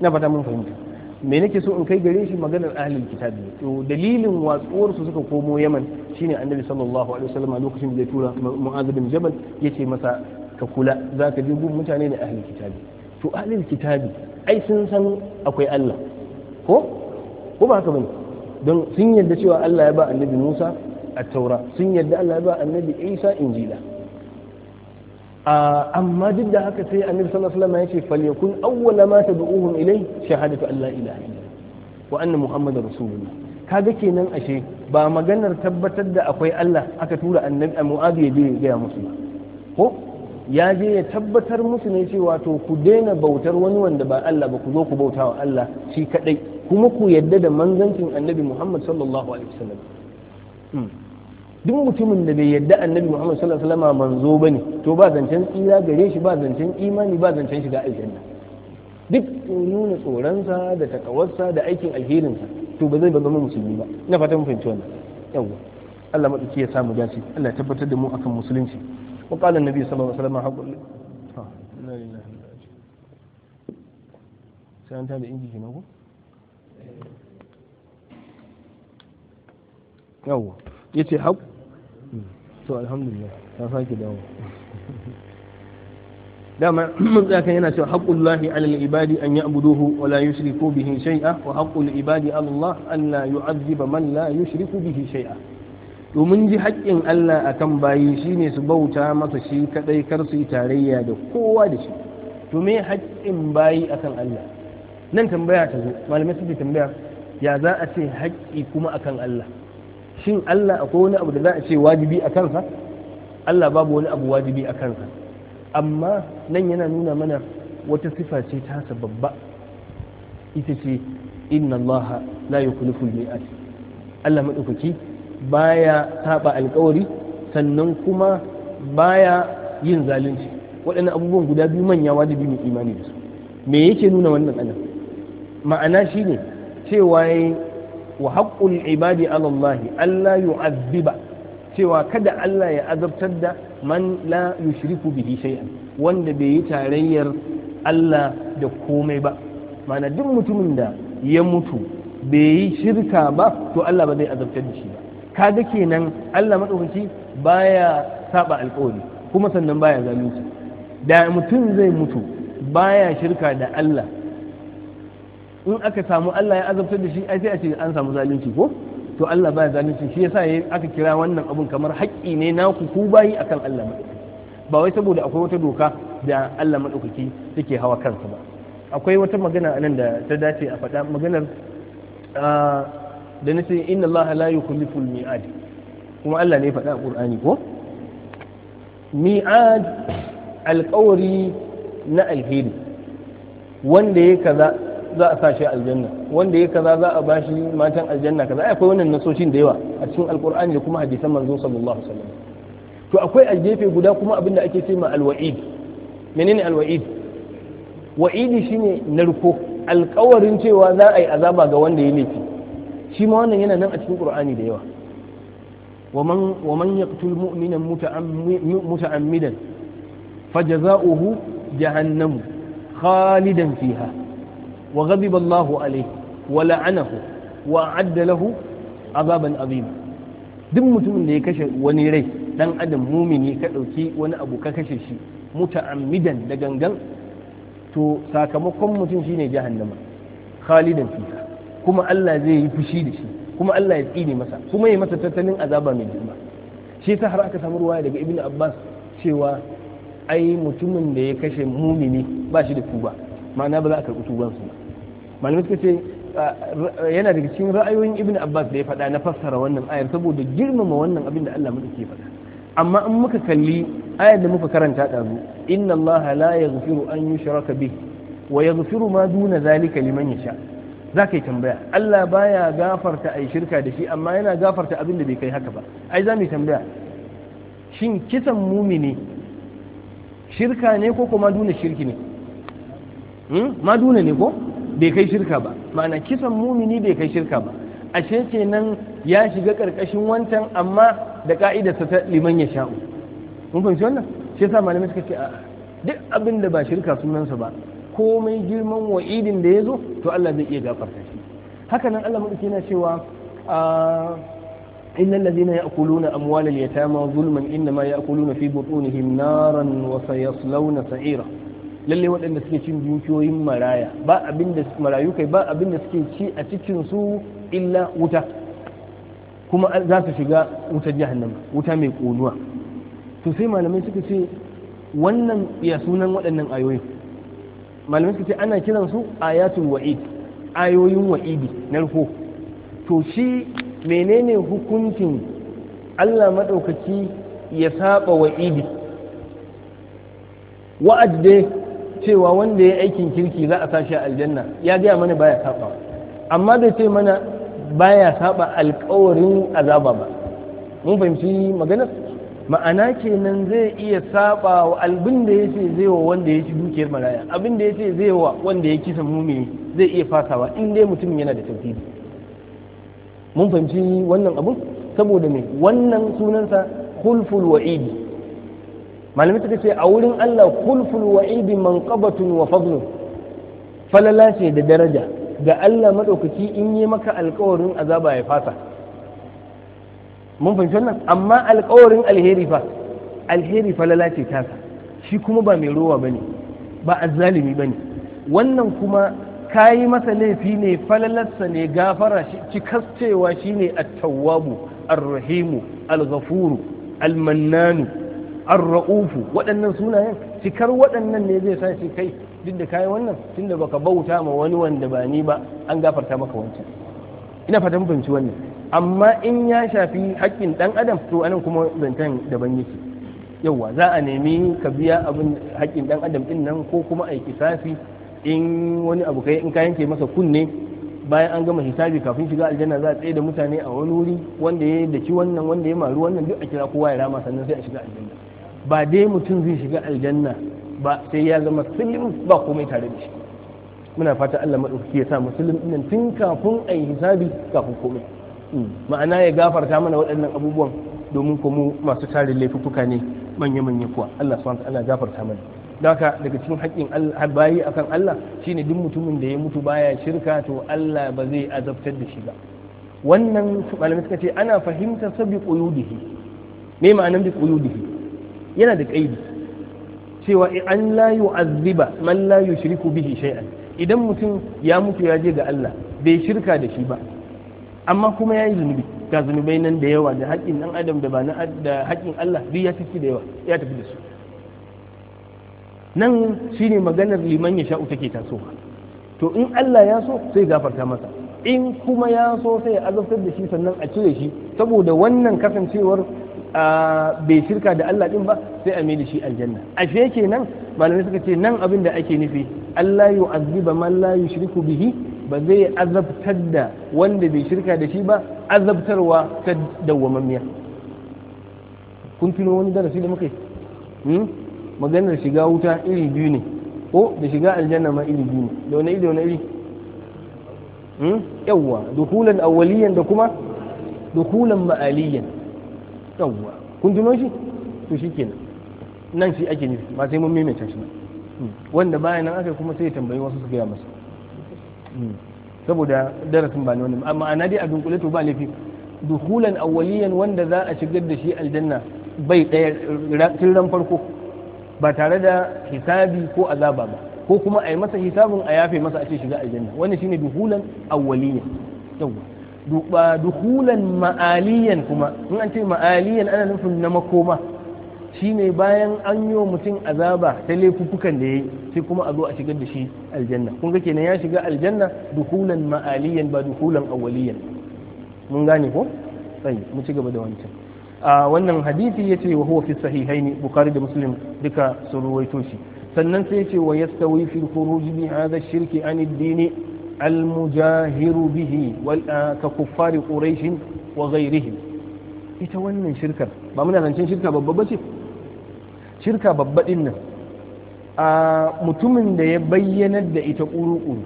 na fata mun fahimta me nake so in kai gare shi maganar ahlul kitabi to dalilin watsuwar su suka komo yaman shine annabi sallallahu alaihi wasallam lokacin da ya tura mu'adh bin jabal yace masa ka kula zaka je gun mutane ne ahlul kitabi to ahlul kitabi ai sun san akwai Allah ko ko ba haka bane don sun yarda cewa Allah ya ba annabi Musa a taura sun yarda Allah ya ba annabi Isa injila amma duk da haka sai annabi sallallahu alaihi wasallam ya ce falyakun awwala ma tad'uhum ilai shahadatu an la ilaha illallah wa anna muhammadar rasulullah kaga kenan ashe ba maganar tabbatar da akwai Allah aka tura annabi mu'adh ya je ya gaya musu ko ya je ya tabbatar musu ne cewa to ku daina bautar wani wanda ba Allah ba ku zo ku bauta wa Allah shi kadai kuma ku yadda da manzancin annabi Muhammad sallallahu alaihi wasallam hmm. duk mutumin da bai yadda annabi muhammad sallallahu alaihi wasallam manzo bane to ba zancen tsira gare shi ba zancen imani ba zancen shiga aljanna duk nuna tsoronsa da takawarsa da aikin alherinsa to ba zai zama musulmi ba na fata mun fahimci wannan yawa Allah madauki ya samu dace Allah ya tabbatar da mu akan musulunci wa qala annabi sallallahu alaihi wasallam haqqul la ilaha illa sai an tada inji kenan ko yawa yace haqqul to alhamdulillah ta sake dawo dama mun tsaka yana cewa haqqullahi alal ibadi an ya'buduhu wa la yushriku bihi shay'a wa haqqul ibadi Allah an la yu'adhiba man la yushriku bihi shay'a to mun ji haƙƙin Allah akan bayi shine su bauta masa shi kadai kar su yi tarayya da kowa da shi to me haƙƙin bayi akan Allah nan tambaya ta zo malamai su tambaya ya za a ce haƙƙi kuma akan Allah shin Allah akwai wani abu da za a ce wajibi a kansa Allah babu wani abu wajibi a kansa amma nan yana nuna mana wata sifa ce ta hasa babba ita ce inna Allah la yukhlifu al-mi'ad Allah madaukaki baya saba alkawari sannan kuma baya yin zalunci waɗannan abubuwan guda biyu manya wajibi mai imani da su me yake nuna wannan anan ma'ana shine cewa wa haƙƙul ibadi alallahi Allah yu'azziba cewa kada Allah ya azabtar da man la yushriku bihi wanda bai yi tarayyar Allah da komai ba mana duk mutumin da ya mutu bai yi shirka ba to Allah ba zai azabtar da shi ba kaga kenan Allah madaukaki baya saba alƙawari kuma sannan baya zalunci da mutum zai mutu baya shirka da Allah in aka samu Allah ya azabtar da shi ai sai a ce an samu zalunci ko to Allah ba zalunci shi yasa yayin aka kira wannan abun kamar haƙƙi ne na ku ku bayi akan Allah ba wai saboda akwai wata doka da Allah madaukaki take hawa kansa ba akwai wata magana anan da ta dace a faɗa maganar da nace inna Allah la yukhlifu al-mi'ad kuma Allah ne faɗa a Qur'ani ko mi'ad alƙawari na alheri wanda ya kaza za a sa shi aljanna wanda ya kaza za a bashi matan aljanna kaza akwai wannan nasoshin da yawa a cikin alkur'ani da kuma hadisan manzo sallallahu alaihi wasallam to akwai a gefe guda kuma abin da ake ce ma alwa'id menene alwa'id wa'idi shine narko alkawarin cewa za a yi azaba ga wanda ya laifi shi ma wannan yana nan a cikin qur'ani da yawa ومن ومن يقتل مؤمنا متعمدا فجزاؤه جهنم خالدا فيها wa ghadiba Allahu alayhi wa la'anahu wa adda duk mutumin da ya kashe wani rai dan adam mumini ka dauki wani abu ka kashe shi muta'ammidan da gangan to sakamakon mutum shine jahannama khalidan fiha kuma Allah zai yi fushi da shi kuma Allah ya tsine masa kuma ya masa tattalin azaba mai girma shi ta har aka samu ruwaya daga ibnu abbas cewa ai mutumin da ya kashe mumini ba shi da tuba ma'ana ba za a karɓi tubansu ba malamai suka ce yana daga cikin ra'ayoyin ibn abbas da ya faɗa na fassara wannan ayar saboda girmama wannan abin da allah ke faɗa amma in muka kalli ayar da muka karanta ɗazu inna allah la yaghfiru an yushraka bih wa yaghfiru ma duna zalika liman yasha za ka yi tambaya allah baya gafarta ai shirka da shi amma yana gafarta abin da bai kai haka ba ai za mu yi tambaya shin kisan mumini shirka ne ko kuma duna shirki ne Hmm? ma duna ne ko bai kai shirka ba ma'ana kisan mumini bai kai shirka ba ce nan ya shiga karkashin wancan amma da ka'ida ta liman ya sha'u mun fahimci wannan shi yasa malamai suka ce a'a duk abin da ba shirka sunansa ba komai girman wa'idin da ya zo to Allah zai iya gafarta shi haka nan Allah madauki yana cewa إن الذين يأكلون أموال اليتامى ظلما إنما يأكلون في بطونهم نارا وسيصلون سعيرا lalle waɗanda suke cin dukiyoyin maraya ba abin da marayu kai ba abin da suke ci a cikin su illa wuta kuma za su shiga wutar jahannama wuta mai ƙonuwa to sai malamai suka ce wannan ya sunan waɗannan ayoyin malamai suka ce ana kiran su ayatul wa'id ayoyin wa'idi rufo to shi menene hukuncin Allah maɗaukaki ya saba wa'idi wa'ad dai cewa wanda ya aikin kirki za a sashi a aljanna ya gaya mana baya saba amma bai ce mana baya saba alkawarin azaba ba mun fahimci maganar ma'ana kenan zai iya saba wa albin da yace zai wa wanda ya ci dukiyar maraya abin da yace zai wa wanda ya kisa mumini zai iya fasawa in dai mutum yana da tauhidi mun fahimci wannan abun saboda me wannan sunansa khulful wa'idi malamai ta ce a wurin Allah kulful wa'idi manqabatun wa fadlun falala ce da daraja ga Allah madaukaki in yi maka alkawarin azaba ya fasa mun fahimci nan. amma alkawarin alheri fa alheri falala ce tasa shi kuma ba mai rowa bane ba azzalimi bane wannan kuma kayi masa laifi ne falalarsa ne gafara cikascewa shine at-tawwabu ar-rahimu al-ghafuru al-mannanu ar-ra'ufu waɗannan sunayen cikar waɗannan ne zai sa shi kai duk da kayan wannan tunda baka bauta ma wani wanda ba ni ba an gafarta maka wancan ina fatan fahimci wannan amma in ya shafi haƙƙin ɗan adam to anan kuma zancen daban yake yauwa za a nemi ka biya abin haƙƙin ɗan adam ɗin nan ko kuma a kisafi in wani abu kai in ka yanke masa kunne bayan an gama hisabi kafin shiga aljanna za a tsaye da mutane a wani wuri wanda ya daki wannan wanda ya maru wannan duk a kira kowa ya rama sannan sai a shiga aljanna ba dai mutum zai shiga aljanna ba sai ya zama sulm ba komai tare da shi muna fata Allah maɗaukaki ya sa musulun nan tun kafin a yi hisabi kafin komai ma'ana ya gafarta mana waɗannan abubuwan domin kuma masu tare laifuka ne manya-manya kuwa Allah subhanahu ta'ala gafarta mana haka daga cikin haƙƙin bayi akan Allah shine duk mutumin da ya mutu baya shirka to Allah ba zai azabtar da shi ba wannan malamai suka ce ana fahimtar sa bi me ma'anar bi quyudihi yana da kaidi cewa an la yu'azziba man la yushriku bihi shay'an idan mutum ya mutu ya je ga Allah bai shirka da shi ba amma kuma ya yi zunubi ga zunubai nan da yawa da haƙƙin ɗan adam da ba na da haƙƙin Allah duk ya tafi da yawa ya tafi da su nan shine maganar liman ya sha'u take tasowa to in Allah ya so sai gafarta masa in kuma ya so sai ya azabtar da shi sannan a cire shi saboda wannan kasancewar bai shirka da Allah din ba sai a mili shi aljanna ashe kenan malamai suka ce nan abin da ake nufi Allah yu'azziba man la yushriku bihi ba zai azabtar da wanda bai shirka da shi ba azabtarwa ta dawwamammiya kun tuno wani darasi da muke? hmm? maganar shiga wuta iri biyu ne ko da shiga aljanna ma iri biyu ne da wani iri da wani iri hmm? yawwa dukulan awwaliyan da kuma dukulan ma'aliyan yawwa kun tuno shi to shi ke nan shi ake nufi ba sai mun maimaita shi hmm. wanda bayan nan aka kuma sai tambayi wasu su gaya masa hmm. saboda darasin ba ne wani amma ana dai a dunkule to ba laifi dukulan awwaliyan wanda za a shigar da shi aljanna bai daya tun ran farko ba tare da hisabi ko azaba ba ko kuma a yi masa hisabin a yafe masa a ce shiga aljanna wannan shine duhulan awwaliya yawwa dukulan ma'aliyan kuma in an ce ma'aliyan ana nufin na makoma shine bayan an yi mutum azaba ta laifukan da ya yi sai kuma a zo a shigar da shi aljanna kun ga kenan ya shiga aljanna dukulan ma'aliyan ba dukulan awaliyan mun gane ko sai mu ci gaba da wancan a wannan hadisi yace wa huwa fi sahihaini bukhari da muslim duka sun ruwaito shi sannan sai yace wa yastawi fi khuruj bi hadha shirki an ad-dini المجاهر به ككفار قريش وغيرهم ita wannan shirkar ba muna zancen shirka babba ba ce shirka babba din nan a mutumin da ya bayyanar da ita ƙuru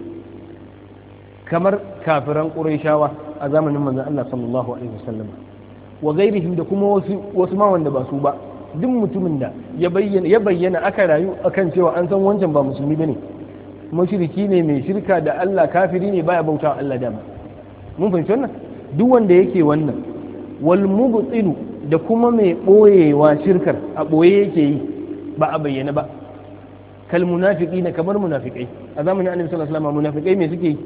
kamar kafiran ƙurayshawa a zamanin manzon Allah sallallahu alaihi wasallam wa gairihim da kuma wasu wasu ma wanda ba su ba duk mutumin da ya bayyana aka rayu akan cewa an san wancan ba musulmi bane mashiriki ne mai shirka da Allah kafiri ne baya bauta Allah dama mun fahimci wannan duk wanda yake wannan wal mubtilu da kuma mai boyewa shirkar a boye yake yi ba a bayyana ba kal na kamar munafiqai a zamanin annabi sallallahu alaihi wasallam munafiqai me suke yi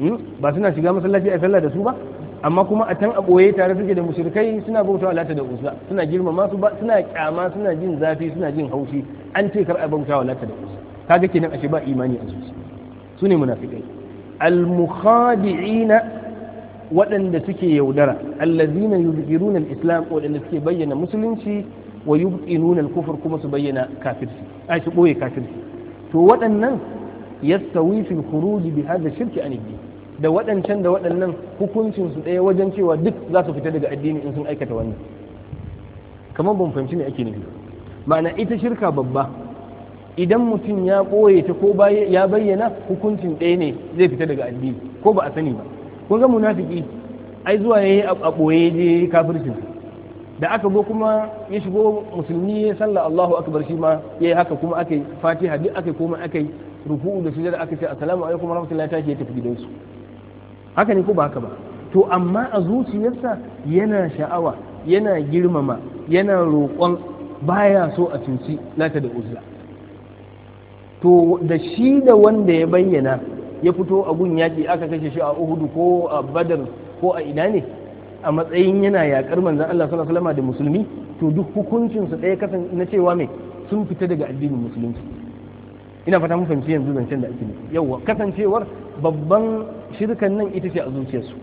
hmm? ba suna shiga masallaci a sallah da su ba amma kuma a can a ɓoye tare suke da mushrikai suna bauta wa lata da uzza suna girmama su ba suna kyama suna jin zafi suna jin haushi an ce kar a bauta wa lata da uzza kaga kenan ashe ba imani a zuci su ne munafikai al-mukhadi'ina waɗanda suke yaudara allazina yuzhiruna al-islam waɗanda suke bayyana musulunci wa yubtinuna al-kufr kuma su bayyana kafirci a shi boye kafirci to waɗannan yastawi fil khuruj bi hadha shirki an din da waɗancan da waɗannan hukuncin su ɗaya wajen cewa duk za su fita daga addini in sun aikata wannan kamar ban fahimci me ake nufi ma'ana ita shirka babba idan mutum ya ɓoye ta ko ya bayyana hukuncin ɗaya ne zai fita daga addini ko ba a sani ba kun ga munafiki ai zuwa ya yi a ɓoye je kafircin da aka go kuma ya shigo musulmi ya sallah Allahu akbar shi ma ya yi haka kuma aka yi Fatiha duk aka yi aka yi ruku'u da sujada aka ce assalamu alaikum warahmatullahi ta ke tafi gidansu haka ne ko ba haka ba to amma a zuciyarsa yana sha'awa yana girmama yana roƙon baya so a cinci lata da uzla to da shi da wanda ya bayyana ya fito a gun yaƙi aka kashe shi a uhudu ko a badar ko a ina ne a matsayin yana yaƙar manzan Allah sallallahu alaihi da musulmi to duk hukuncin su ɗaya kasan na cewa mai sun fita daga addinin musulunci ina fata mun fahimci yanzu zancen da ake yawa kasancewar babban shirkan nan ita ce a zuciyarsu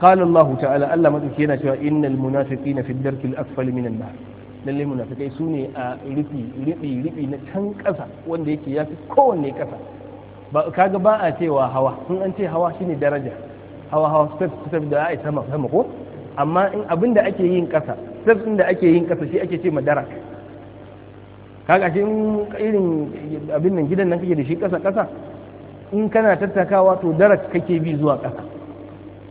ta'ala Allah تعالى yana cewa innal munafiki na في الدرك الأسفل minan النار lalle munafikai su ne a rufi rufi rufi na can ƙasa wanda yake ya fi kowanne ƙasa ba kaga ba a cewa hawa sun an ce hawa shine daraja hawa hawa step step da ai sama sama ko amma in abin da ake yin ƙasa step din da ake yin ƙasa shi ake ce ma darak kaga shi irin abin nan gidan nan kake da shi ƙasa ƙasa in kana tattakawa to darak kake bi zuwa ƙasa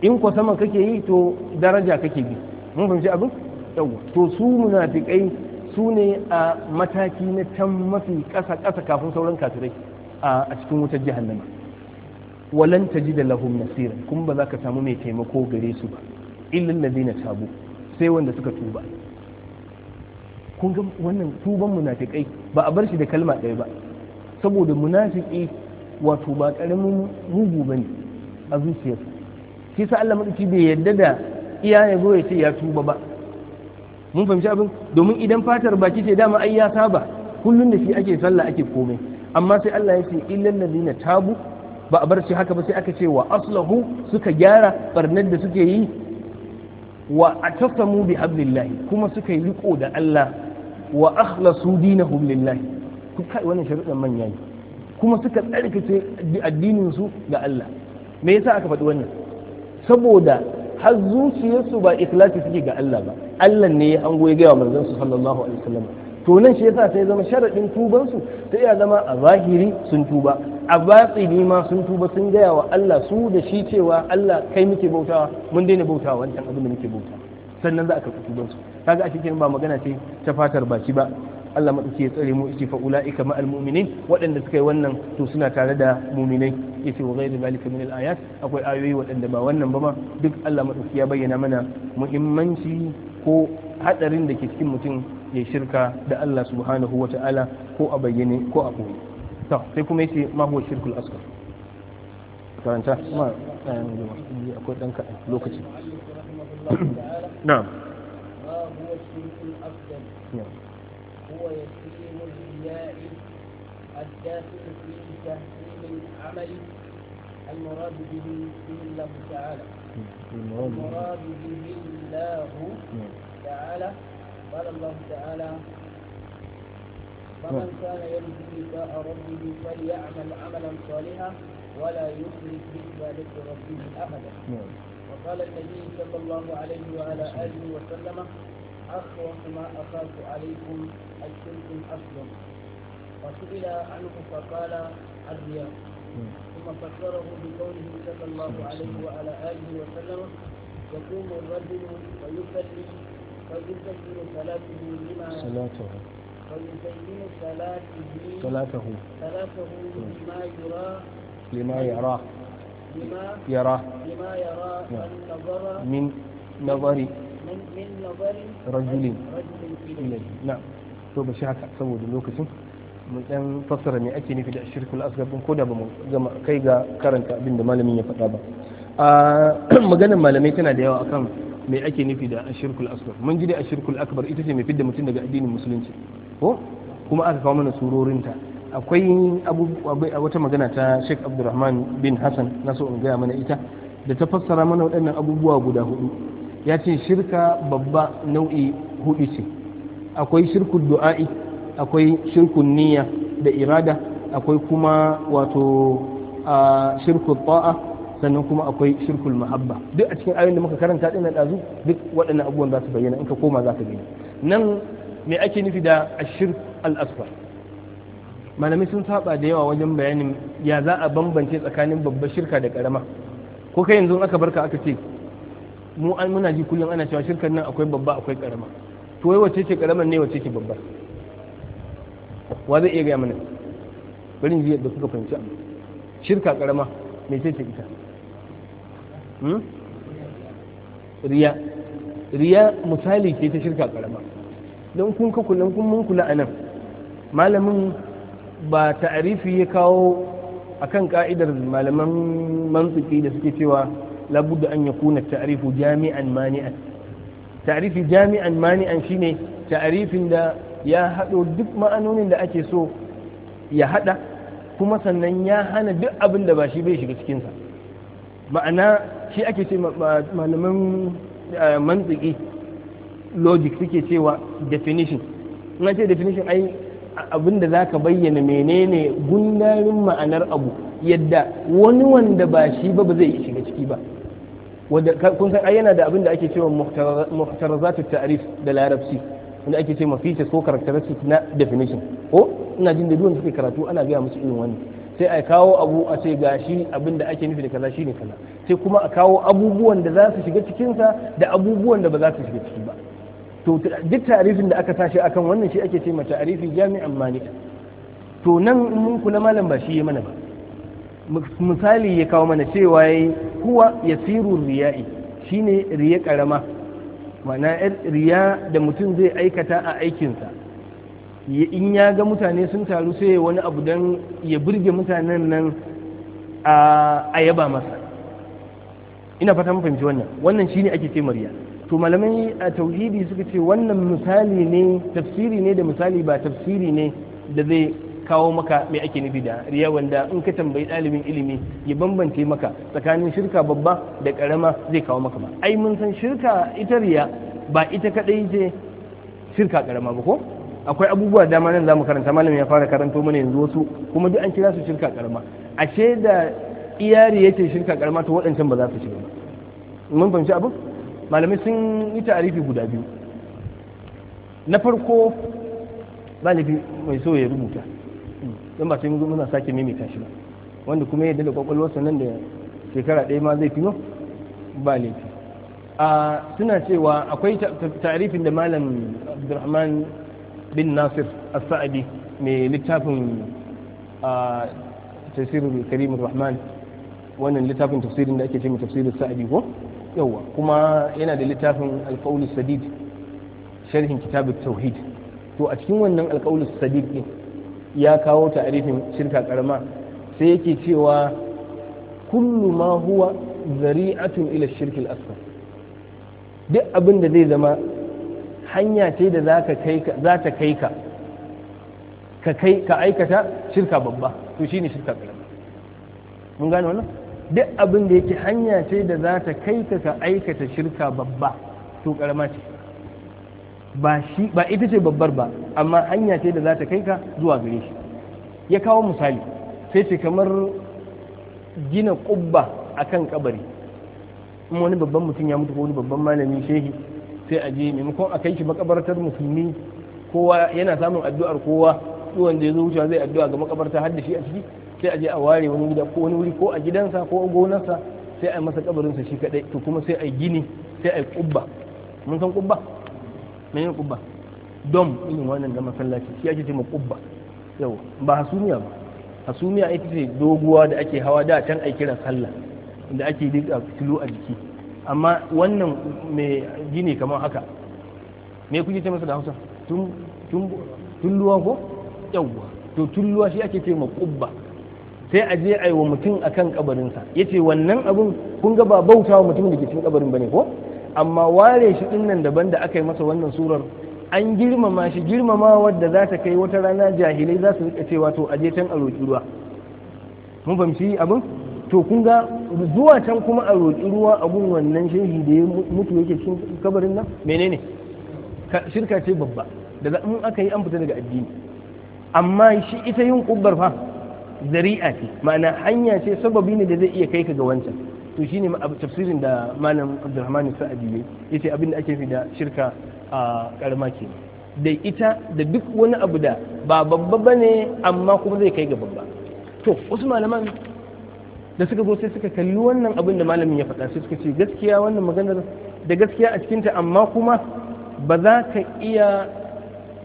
in ko sama kake yi to daraja kake bi mun fahimci abin to su munafikai su ne a mataki na can mafi ƙasa ƙasa kafin sauran kafirai a cikin wutar jahannama walan ji da lahum nasira kun ba za ka samu mai taimako gare su ba da zina tabu sai wanda suka tuba kun ga wannan tuban munafikai ba a bar shi da kalma ɗaya ba saboda munafiki wato ba ƙaramin mugu ne a zuciyarsa shi sa Allah madauki bai yarda da iya ya zo ya ce ya tuba ba mun fahimci abin domin idan fatar baki ce dama ai ya saba kullun da shi ake sallah ake komai amma sai Allah ya ce illal ladina tabu ba a bar shi haka ba sai aka ce wa aslahu suka gyara barnar da suke yi wa atasamu bi hablillahi kuma suka yi riko da Allah wa akhlasu dinahum lillahi kai wannan sharuɗan manya ne kuma suka tsarkace addinin su ga Allah me yasa aka faɗi wannan saboda har zuciyarsu ba ikhlasi suke ga Allah ba Allah ne ya ango ya gaya manzon su sallallahu alaihi wasallam to nan shi yasa sai zama sharadin tuban su ta iya zama a zahiri sun tuba a batsini ma sun tuba sun gaya wa Allah su da shi cewa Allah kai muke bautawa mun daina bautawa wancan abin da muke bauta sannan za a karɓi tuban su kaga a cikin ba magana ce ta fatar baki ba Allah madauki ya tsare mu yace fa ulaika ma'al mu'minin waɗanda suka yi wannan to suna tare da mu'minai yace wa ghairu zalika min al-ayat akwai ayoyi waɗanda ba wannan ba ma duk Allah madauki ya bayyana mana muhimmanci ko hadarin da ke cikin mutum ya shirka da Allah subhanahu wa ta'ala ko a bayyane ko a koyi to sai kuma yace ma huwa shirkul asghar karanta ma eh, akwai ɗan lokaci na'am الزائد الداخل في تحريم العمل المراد به به الله تعالى المراد به الله تعالى قال الله تعالى فمن نعم. كان يرجو لقاء ربه فليعمل عملا صالحا ولا يشرك بعبادة ربه أحدا نعم. وقال النبي صلى الله عليه وعلى آله وسلم أخوف ما أخاف عليكم الشرك الأكبر وسئل عنه فقال الرياء ثم فسره بقوله صلى الله عليه وعلى آله وسلم يقوم الرجل ويسلم ويسلم صلاته لما صلاته ويسلم صلاته صلاته صلاته لما يرى لما يرى لما يرى لما يرى نعم. النظر من نظر من نظر رجل رجل إليه نعم شوف الشيخ حسن سوى دلوقتي mun fassara me ake nufi da shirkul asgar ko da ba mu gama kai ga karanta abin da malamin ya faɗa ba a maganar malamai tana da yawa akan me ake nufi da shirkul asgar mun ji da shirkul akbar ita ce mai fidda mutum daga addinin musulunci ko kuma aka kawo mana surorinta akwai wata magana ta Sheikh Abdulrahman bin Hassan na so in gaya mana ita da ta fassara mana waɗannan abubuwa guda hudu ya ce shirka babba nau'i hudu ce akwai shirkul du'a'i akwai shirkun niyya da irada akwai kuma wato shirkun ta'a sannan kuma akwai shirkun mahabba duk a cikin ayoyin da muka karanta din ɗazu duk waɗannan abubuwan za su bayyana in ka koma za ka gani nan me ake nufi da ashirk al-asfar malamai sun saba da yawa wajen bayanin ya za a bambance tsakanin babbar shirka da karama ko kai yanzu aka barka aka ce mu an muna ji kullum ana cewa shirkar nan akwai babba akwai karama to wai wacce ce karamar ne wace ce babbar wa zai iya gaya mana bari ji yadda suka fahimci shirka karama mai ce ce ita hmm? riya riya misali ce ta shirka karama don kun ka kullum kun mun kula anan malamin ba ta'arifi ya kawo akan ka'idar malaman mantsuki da suke cewa labudda an kuna ta'arifu jami'an mani'an ta'arifi jami'an mani'an shine ta'arifin da ya haɗo duk ma'anonin da ake so ya haɗa kuma sannan ya hana duk abin da ba shi bai shiga cikinsa ma'ana shi ake ce malaman eh, mantsiki logic suke cewa definition na ce definition ai abin da za ka bayyana menene gundarin ma'anar abu yadda wani wanda ba shi ba ba zai shiga ciki ba kun san ai yana da abin da ake cewa muhtarazatu ta'rif da larabci wanda ake ce features ko characteristics na definition ko ina jin da duwan suke karatu ana gaya musu irin wani sai a kawo abu a ce gashi abin da ake nufi da kaza ne kaza sai kuma a kawo abubuwan da za su shiga cikinsa da abubuwan da ba za su shiga ciki ba to duk tarifin da aka tashi akan wannan shi ake ce ma tarifi jami'an manika to nan mun kula malam ba shi ya mana ba misali ya kawo mana cewa yayi huwa yasiru riya'i shine riya karama mana riya da mutum zai aikata a aikinsa in ya ga mutane sun taru sai wani abu don ya burge mutanen nan a yaba masa ina fata fahimci wannan wannan shine ake ce riya to malamai a tauhidi suka ce wannan misali ne tafsiri ne da misali ba tafsiri ne da zai kawo maka mai ake nufi da riya wanda in ka tambayi ɗalibin ilimi ya bambance maka tsakanin shirka babba da ƙarama zai kawo maka ba ai mun san shirka ita riya ba ita kaɗai ce shirka ƙarama ba ko akwai abubuwa dama nan za mu karanta malam ya fara karanto mana yanzu wasu kuma duk an kira su shirka ƙarama ashe da iyari yake ce shirka ƙarama to waɗancan ba za su shiga ba mun fahimci abu malamai sun yi ta'arifi guda biyu na farko ɗalibi mai so ya rubuta don ba sai mun zo muna sake maimaita shi ba wanda kuma ya da kwakwalwarsa nan da shekara ɗaya ma zai fino ba laifi a suna cewa akwai tarifin da malam abdurrahman bin nasir as-sa'adi mai littafin a tafsirin karimun rahman wannan littafin tafsirin da ake ce tafsirin sa'adi ko yawa kuma yana da littafin alƙawlus sadid sharhin kitabut tauhid to a cikin wannan alƙawlus sadid din ya kawo ta'arifin shirka karama sai yake cewa kullu ma huwa zari'atun ila shirkil asfar duk abin da zai zama hanya ce da za ta kai ka ka kai ka aikata shirka babba to shine shirka karama mun gane wannan duk abin da yake hanya ce da za ta kai ka ka aikata shirka babba to karama ce ba shi ba ita ce babbar ba amma hanya ce da za ta kai ka zuwa gare shi ya kawo misali sai ce kamar gina kubba akan kabari in wani babban mutum ya mutu ko wani babban malami shehi sai a je maimakon a kai shi makabartar musulmi kowa yana samun addu'ar kowa duwan da ya zo wucewa zai addu'a ga makabarta har da shi a ciki sai a je a ware wani gida ko wani wuri ko a gidansa ko a gonarsa sai a masa kabarinsa shi kadai to kuma sai a gini sai a kubba mun san kubba mene kubba dom irin wannan da masallaci shi ake ce maƙubba yau ba hasumiya ba hasumiya ita ce doguwa da ake hawa da can a kira sallah da ake dinka fitilu a jiki amma wannan mai gini kamar haka me kuke ce masa da hausa tulluwa ko yawwa to tulluwa shi ake ce maƙubba sai a je a yi wa mutum akan kabarinsa yace wannan abun kun ga ba bauta wa mutum da ke cikin kabarin bane ko amma ware shi din nan daban da aka yi masa wannan surar an girmama shi girmama wadda za ta kai wata rana jahilai za su rika cewa to aje can a roƙi ruwa mun fahimci abin to kun ga zuwa can kuma a roƙi ruwa a gun wannan shehi da ya mutu yake cikin kabarin nan menene shirka ce babba da in aka yi an fita daga addini amma shi ita yin kubbar fa zari'a ce ma'ana hanya ce sababi ne da zai iya kai ka ga wancan to shine tafsirin da malam abdulrahman sa'adi yace abin da ake fi da shirka a karma ke da ita da duk wani abu da ba babba bane amma kuma zai kai ga babba to wasu malaman da suka zo sai suka kalli wannan abin da malamin ya faɗa sai suka ce gaskiya wannan maganar da gaskiya a cikinta amma kuma ba za ka iya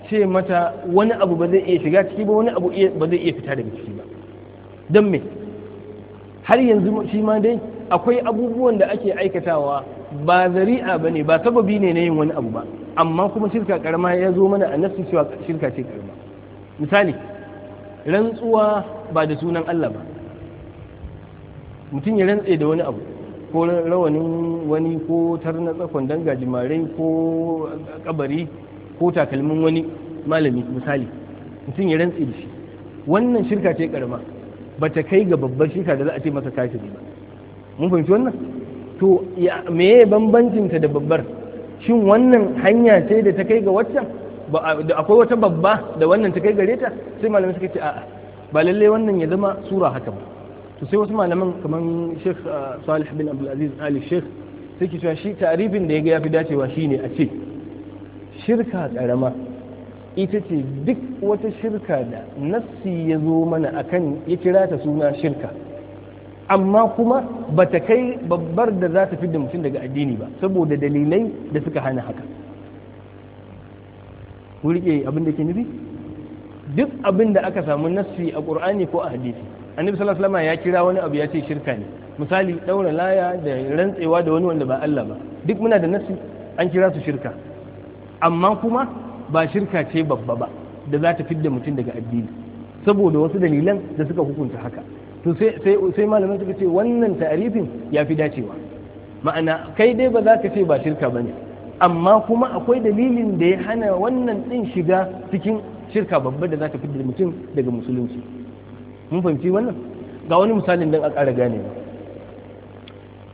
ce mata wani abu ba zai iya shiga ciki ba wani abu ba zai iya fita daga ciki ba don me har yanzu shi ma dai akwai abubuwan da ake aikatawa ba zari'a ba ne ba sababi ne na yin wani abu ba amma kuma shirka karama ya zo mana a nafsi cewa shirka ce karama misali rantsuwa ba da sunan Allah ba mutum ya rantse da wani abu ko rawanin wani ko tarna tsakon danga jimarai ko kabari ko takalmin wani malami misali mutum ya rantse da shi wannan shirka ce karama ba ta kai ga babbar shirka da za a ce masa kafiri ba mun fahimci wannan to meye bambancin ta da babbar shin wannan hanya ce da ta kai ga waccan da akwai wata babba da wannan ta kai gare ta sai malamai suka ce a'a ba lalle wannan ya zama sura haka ba to sai wasu malaman kamar Sheikh uh, Salih bin Abdul Aziz Ali Sheikh sai cewa shi tarifin da ya ga yafi dacewa shine a ce shirka karama ita ce duk wata shirka da nassi ya zo mana akan ya kira ta suna shirka amma kuma ba ta kai babbar da za ta fi da mutum daga addini ba saboda dalilai da suka hana haka Wurke abin da ke nufi duk abin da aka samu nasfi a ƙurani ko a hadisi annabi sallallahu alaihi ya kira wani abu ya ce shirka ne misali daura laya da rantsewa da wani wanda ba Allah ba duk muna da nasfi an kira su shirka amma kuma ba shirka ce babba ba da za ta fidda mutum daga addini saboda wasu dalilan da suka hukunta haka to sai malamin suka ce wannan ta'arifin ya fi dacewa ma'ana kai dai ba za ka ce ba shirka ba ne amma kuma akwai dalilin da ya hana wannan ɗin shiga cikin shirka babba da za fi fitar mutum daga musulunci mun fahimci wannan ga wani misalin don a ƙara gane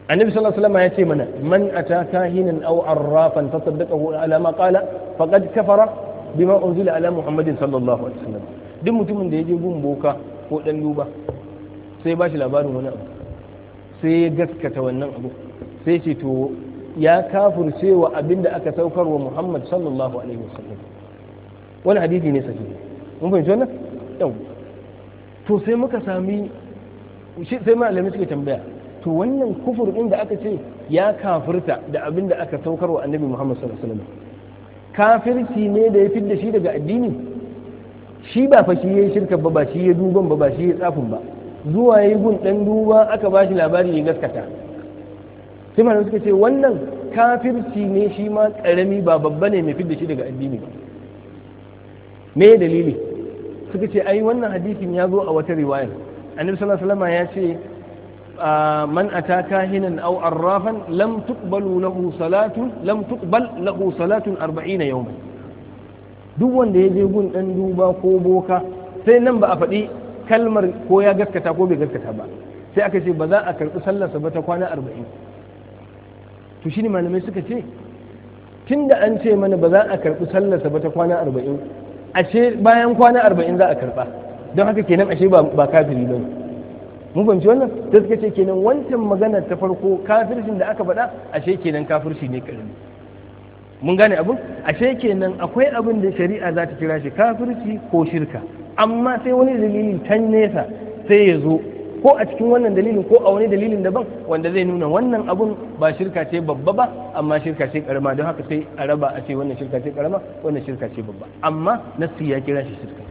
annabi sallallahu alaihi ya ce mana man ata kahinan aw arrafan tasaddaqahu ala ma qala faqad kafara bima unzila ala muhammadin sallallahu alaihi wasallam duk mutumin da ya je gun boka ko dan duba sai ba shi labarin wani abu sai ya gaskata wannan abu sai ce to ya kafur wa abin da aka saukar wa Muhammad sallallahu alaihi wasallam wani hadisi ne sahihi mun fahimci wannan yau to sai muka sami sai malami suke tambaya to wannan kufur din da aka ce ya kafirta da abin da aka saukar wa annabi Muhammad sallallahu alaihi wasallam kafirci ne da ya fidda shi daga addini shi ba fa shi yayin shirka ba ba shi ya duban ba ba shi ya tsafin ba zuwa yi gun ɗan duba aka ba shi labari ya gaskata sai malamai suka ce wannan kafirci ne shi ma ƙarami ba babba ne mai fidda shi daga addini ba me dalili suka ce ai wannan hadisin ya zo a wata riwayar annabi sallallahu alaihi ya ce man ata kahinan aw arrafan lam tuqbalu lahu salatu lam tuqbal lahu salatun 40 yawma duk wanda ya je gun ɗan duba ko boka sai nan ba a faɗi kalmar ko ya gaskata ko bai gaskata ba sai aka ce ba za a karɓi sallarsa ba ta kwana arba'in to ne malamai suka ce tun da an ce mana ba za a karɓi sallarsa ba ta kwana arba'in ashe bayan kwana arba'in za a karɓa don haka kenan ashe ba kafiri ba mun fahimci wannan ta suka ce kenan wancan magana ta farko kafircin da aka faɗa ashe kenan kafirci ne karami mun gane abin ashe kenan akwai abin da shari'a za ta kira shi kafirci ko shirka amma sai wani dalili can nesa sai ya zo ko a cikin wannan dalilin ko a wani dalilin daban wanda zai nuna wannan abun ba shirka ce babba ba amma shirka ce karama don haka sai a raba a ce wannan shirka ce karama wannan shirka ce babba amma nassi ya kira shi shirka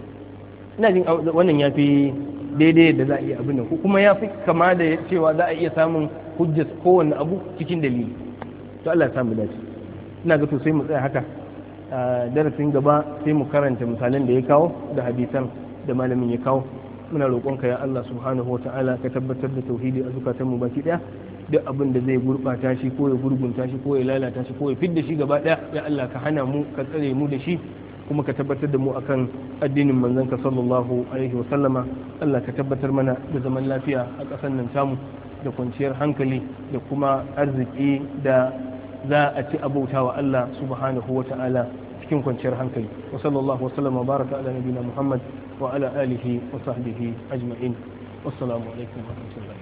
ina jin wannan ya fi daidai da za a iya abin nan kuma ya fi kama da cewa za a iya samun hujjas kowane abu cikin dalili to Allah ya samu dace ina ga to sai mu tsaya haka darasin gaba sai mu karanta misalan da ya kawo da hadisan da malamin ya kawo muna ka ya Allah subhanahu wa ta'ala ka tabbatar da tauhidi a zukatan mu baki daya duk abin da zai gurɓata shi ko ya gurgunta shi ko ya lalata shi ko ya fidda shi gaba daya ya Allah ka hana mu ka tsare mu da shi kuma ka tabbatar da mu akan addinin ka sallallahu alaihi wa sallama Allah ka tabbatar mana da zaman lafiya a ƙasar nan tamu da kwanciyar hankali da kuma arziki da za a ci abauta wa Allah subhanahu wa ta'ala cikin kwanciyar hankali wa sallallahu wasallam wa baraka ala nabiyina muhammad wa ala alihi wa sahbihi ajma'in wassalamu alaikum wa rahmatullahi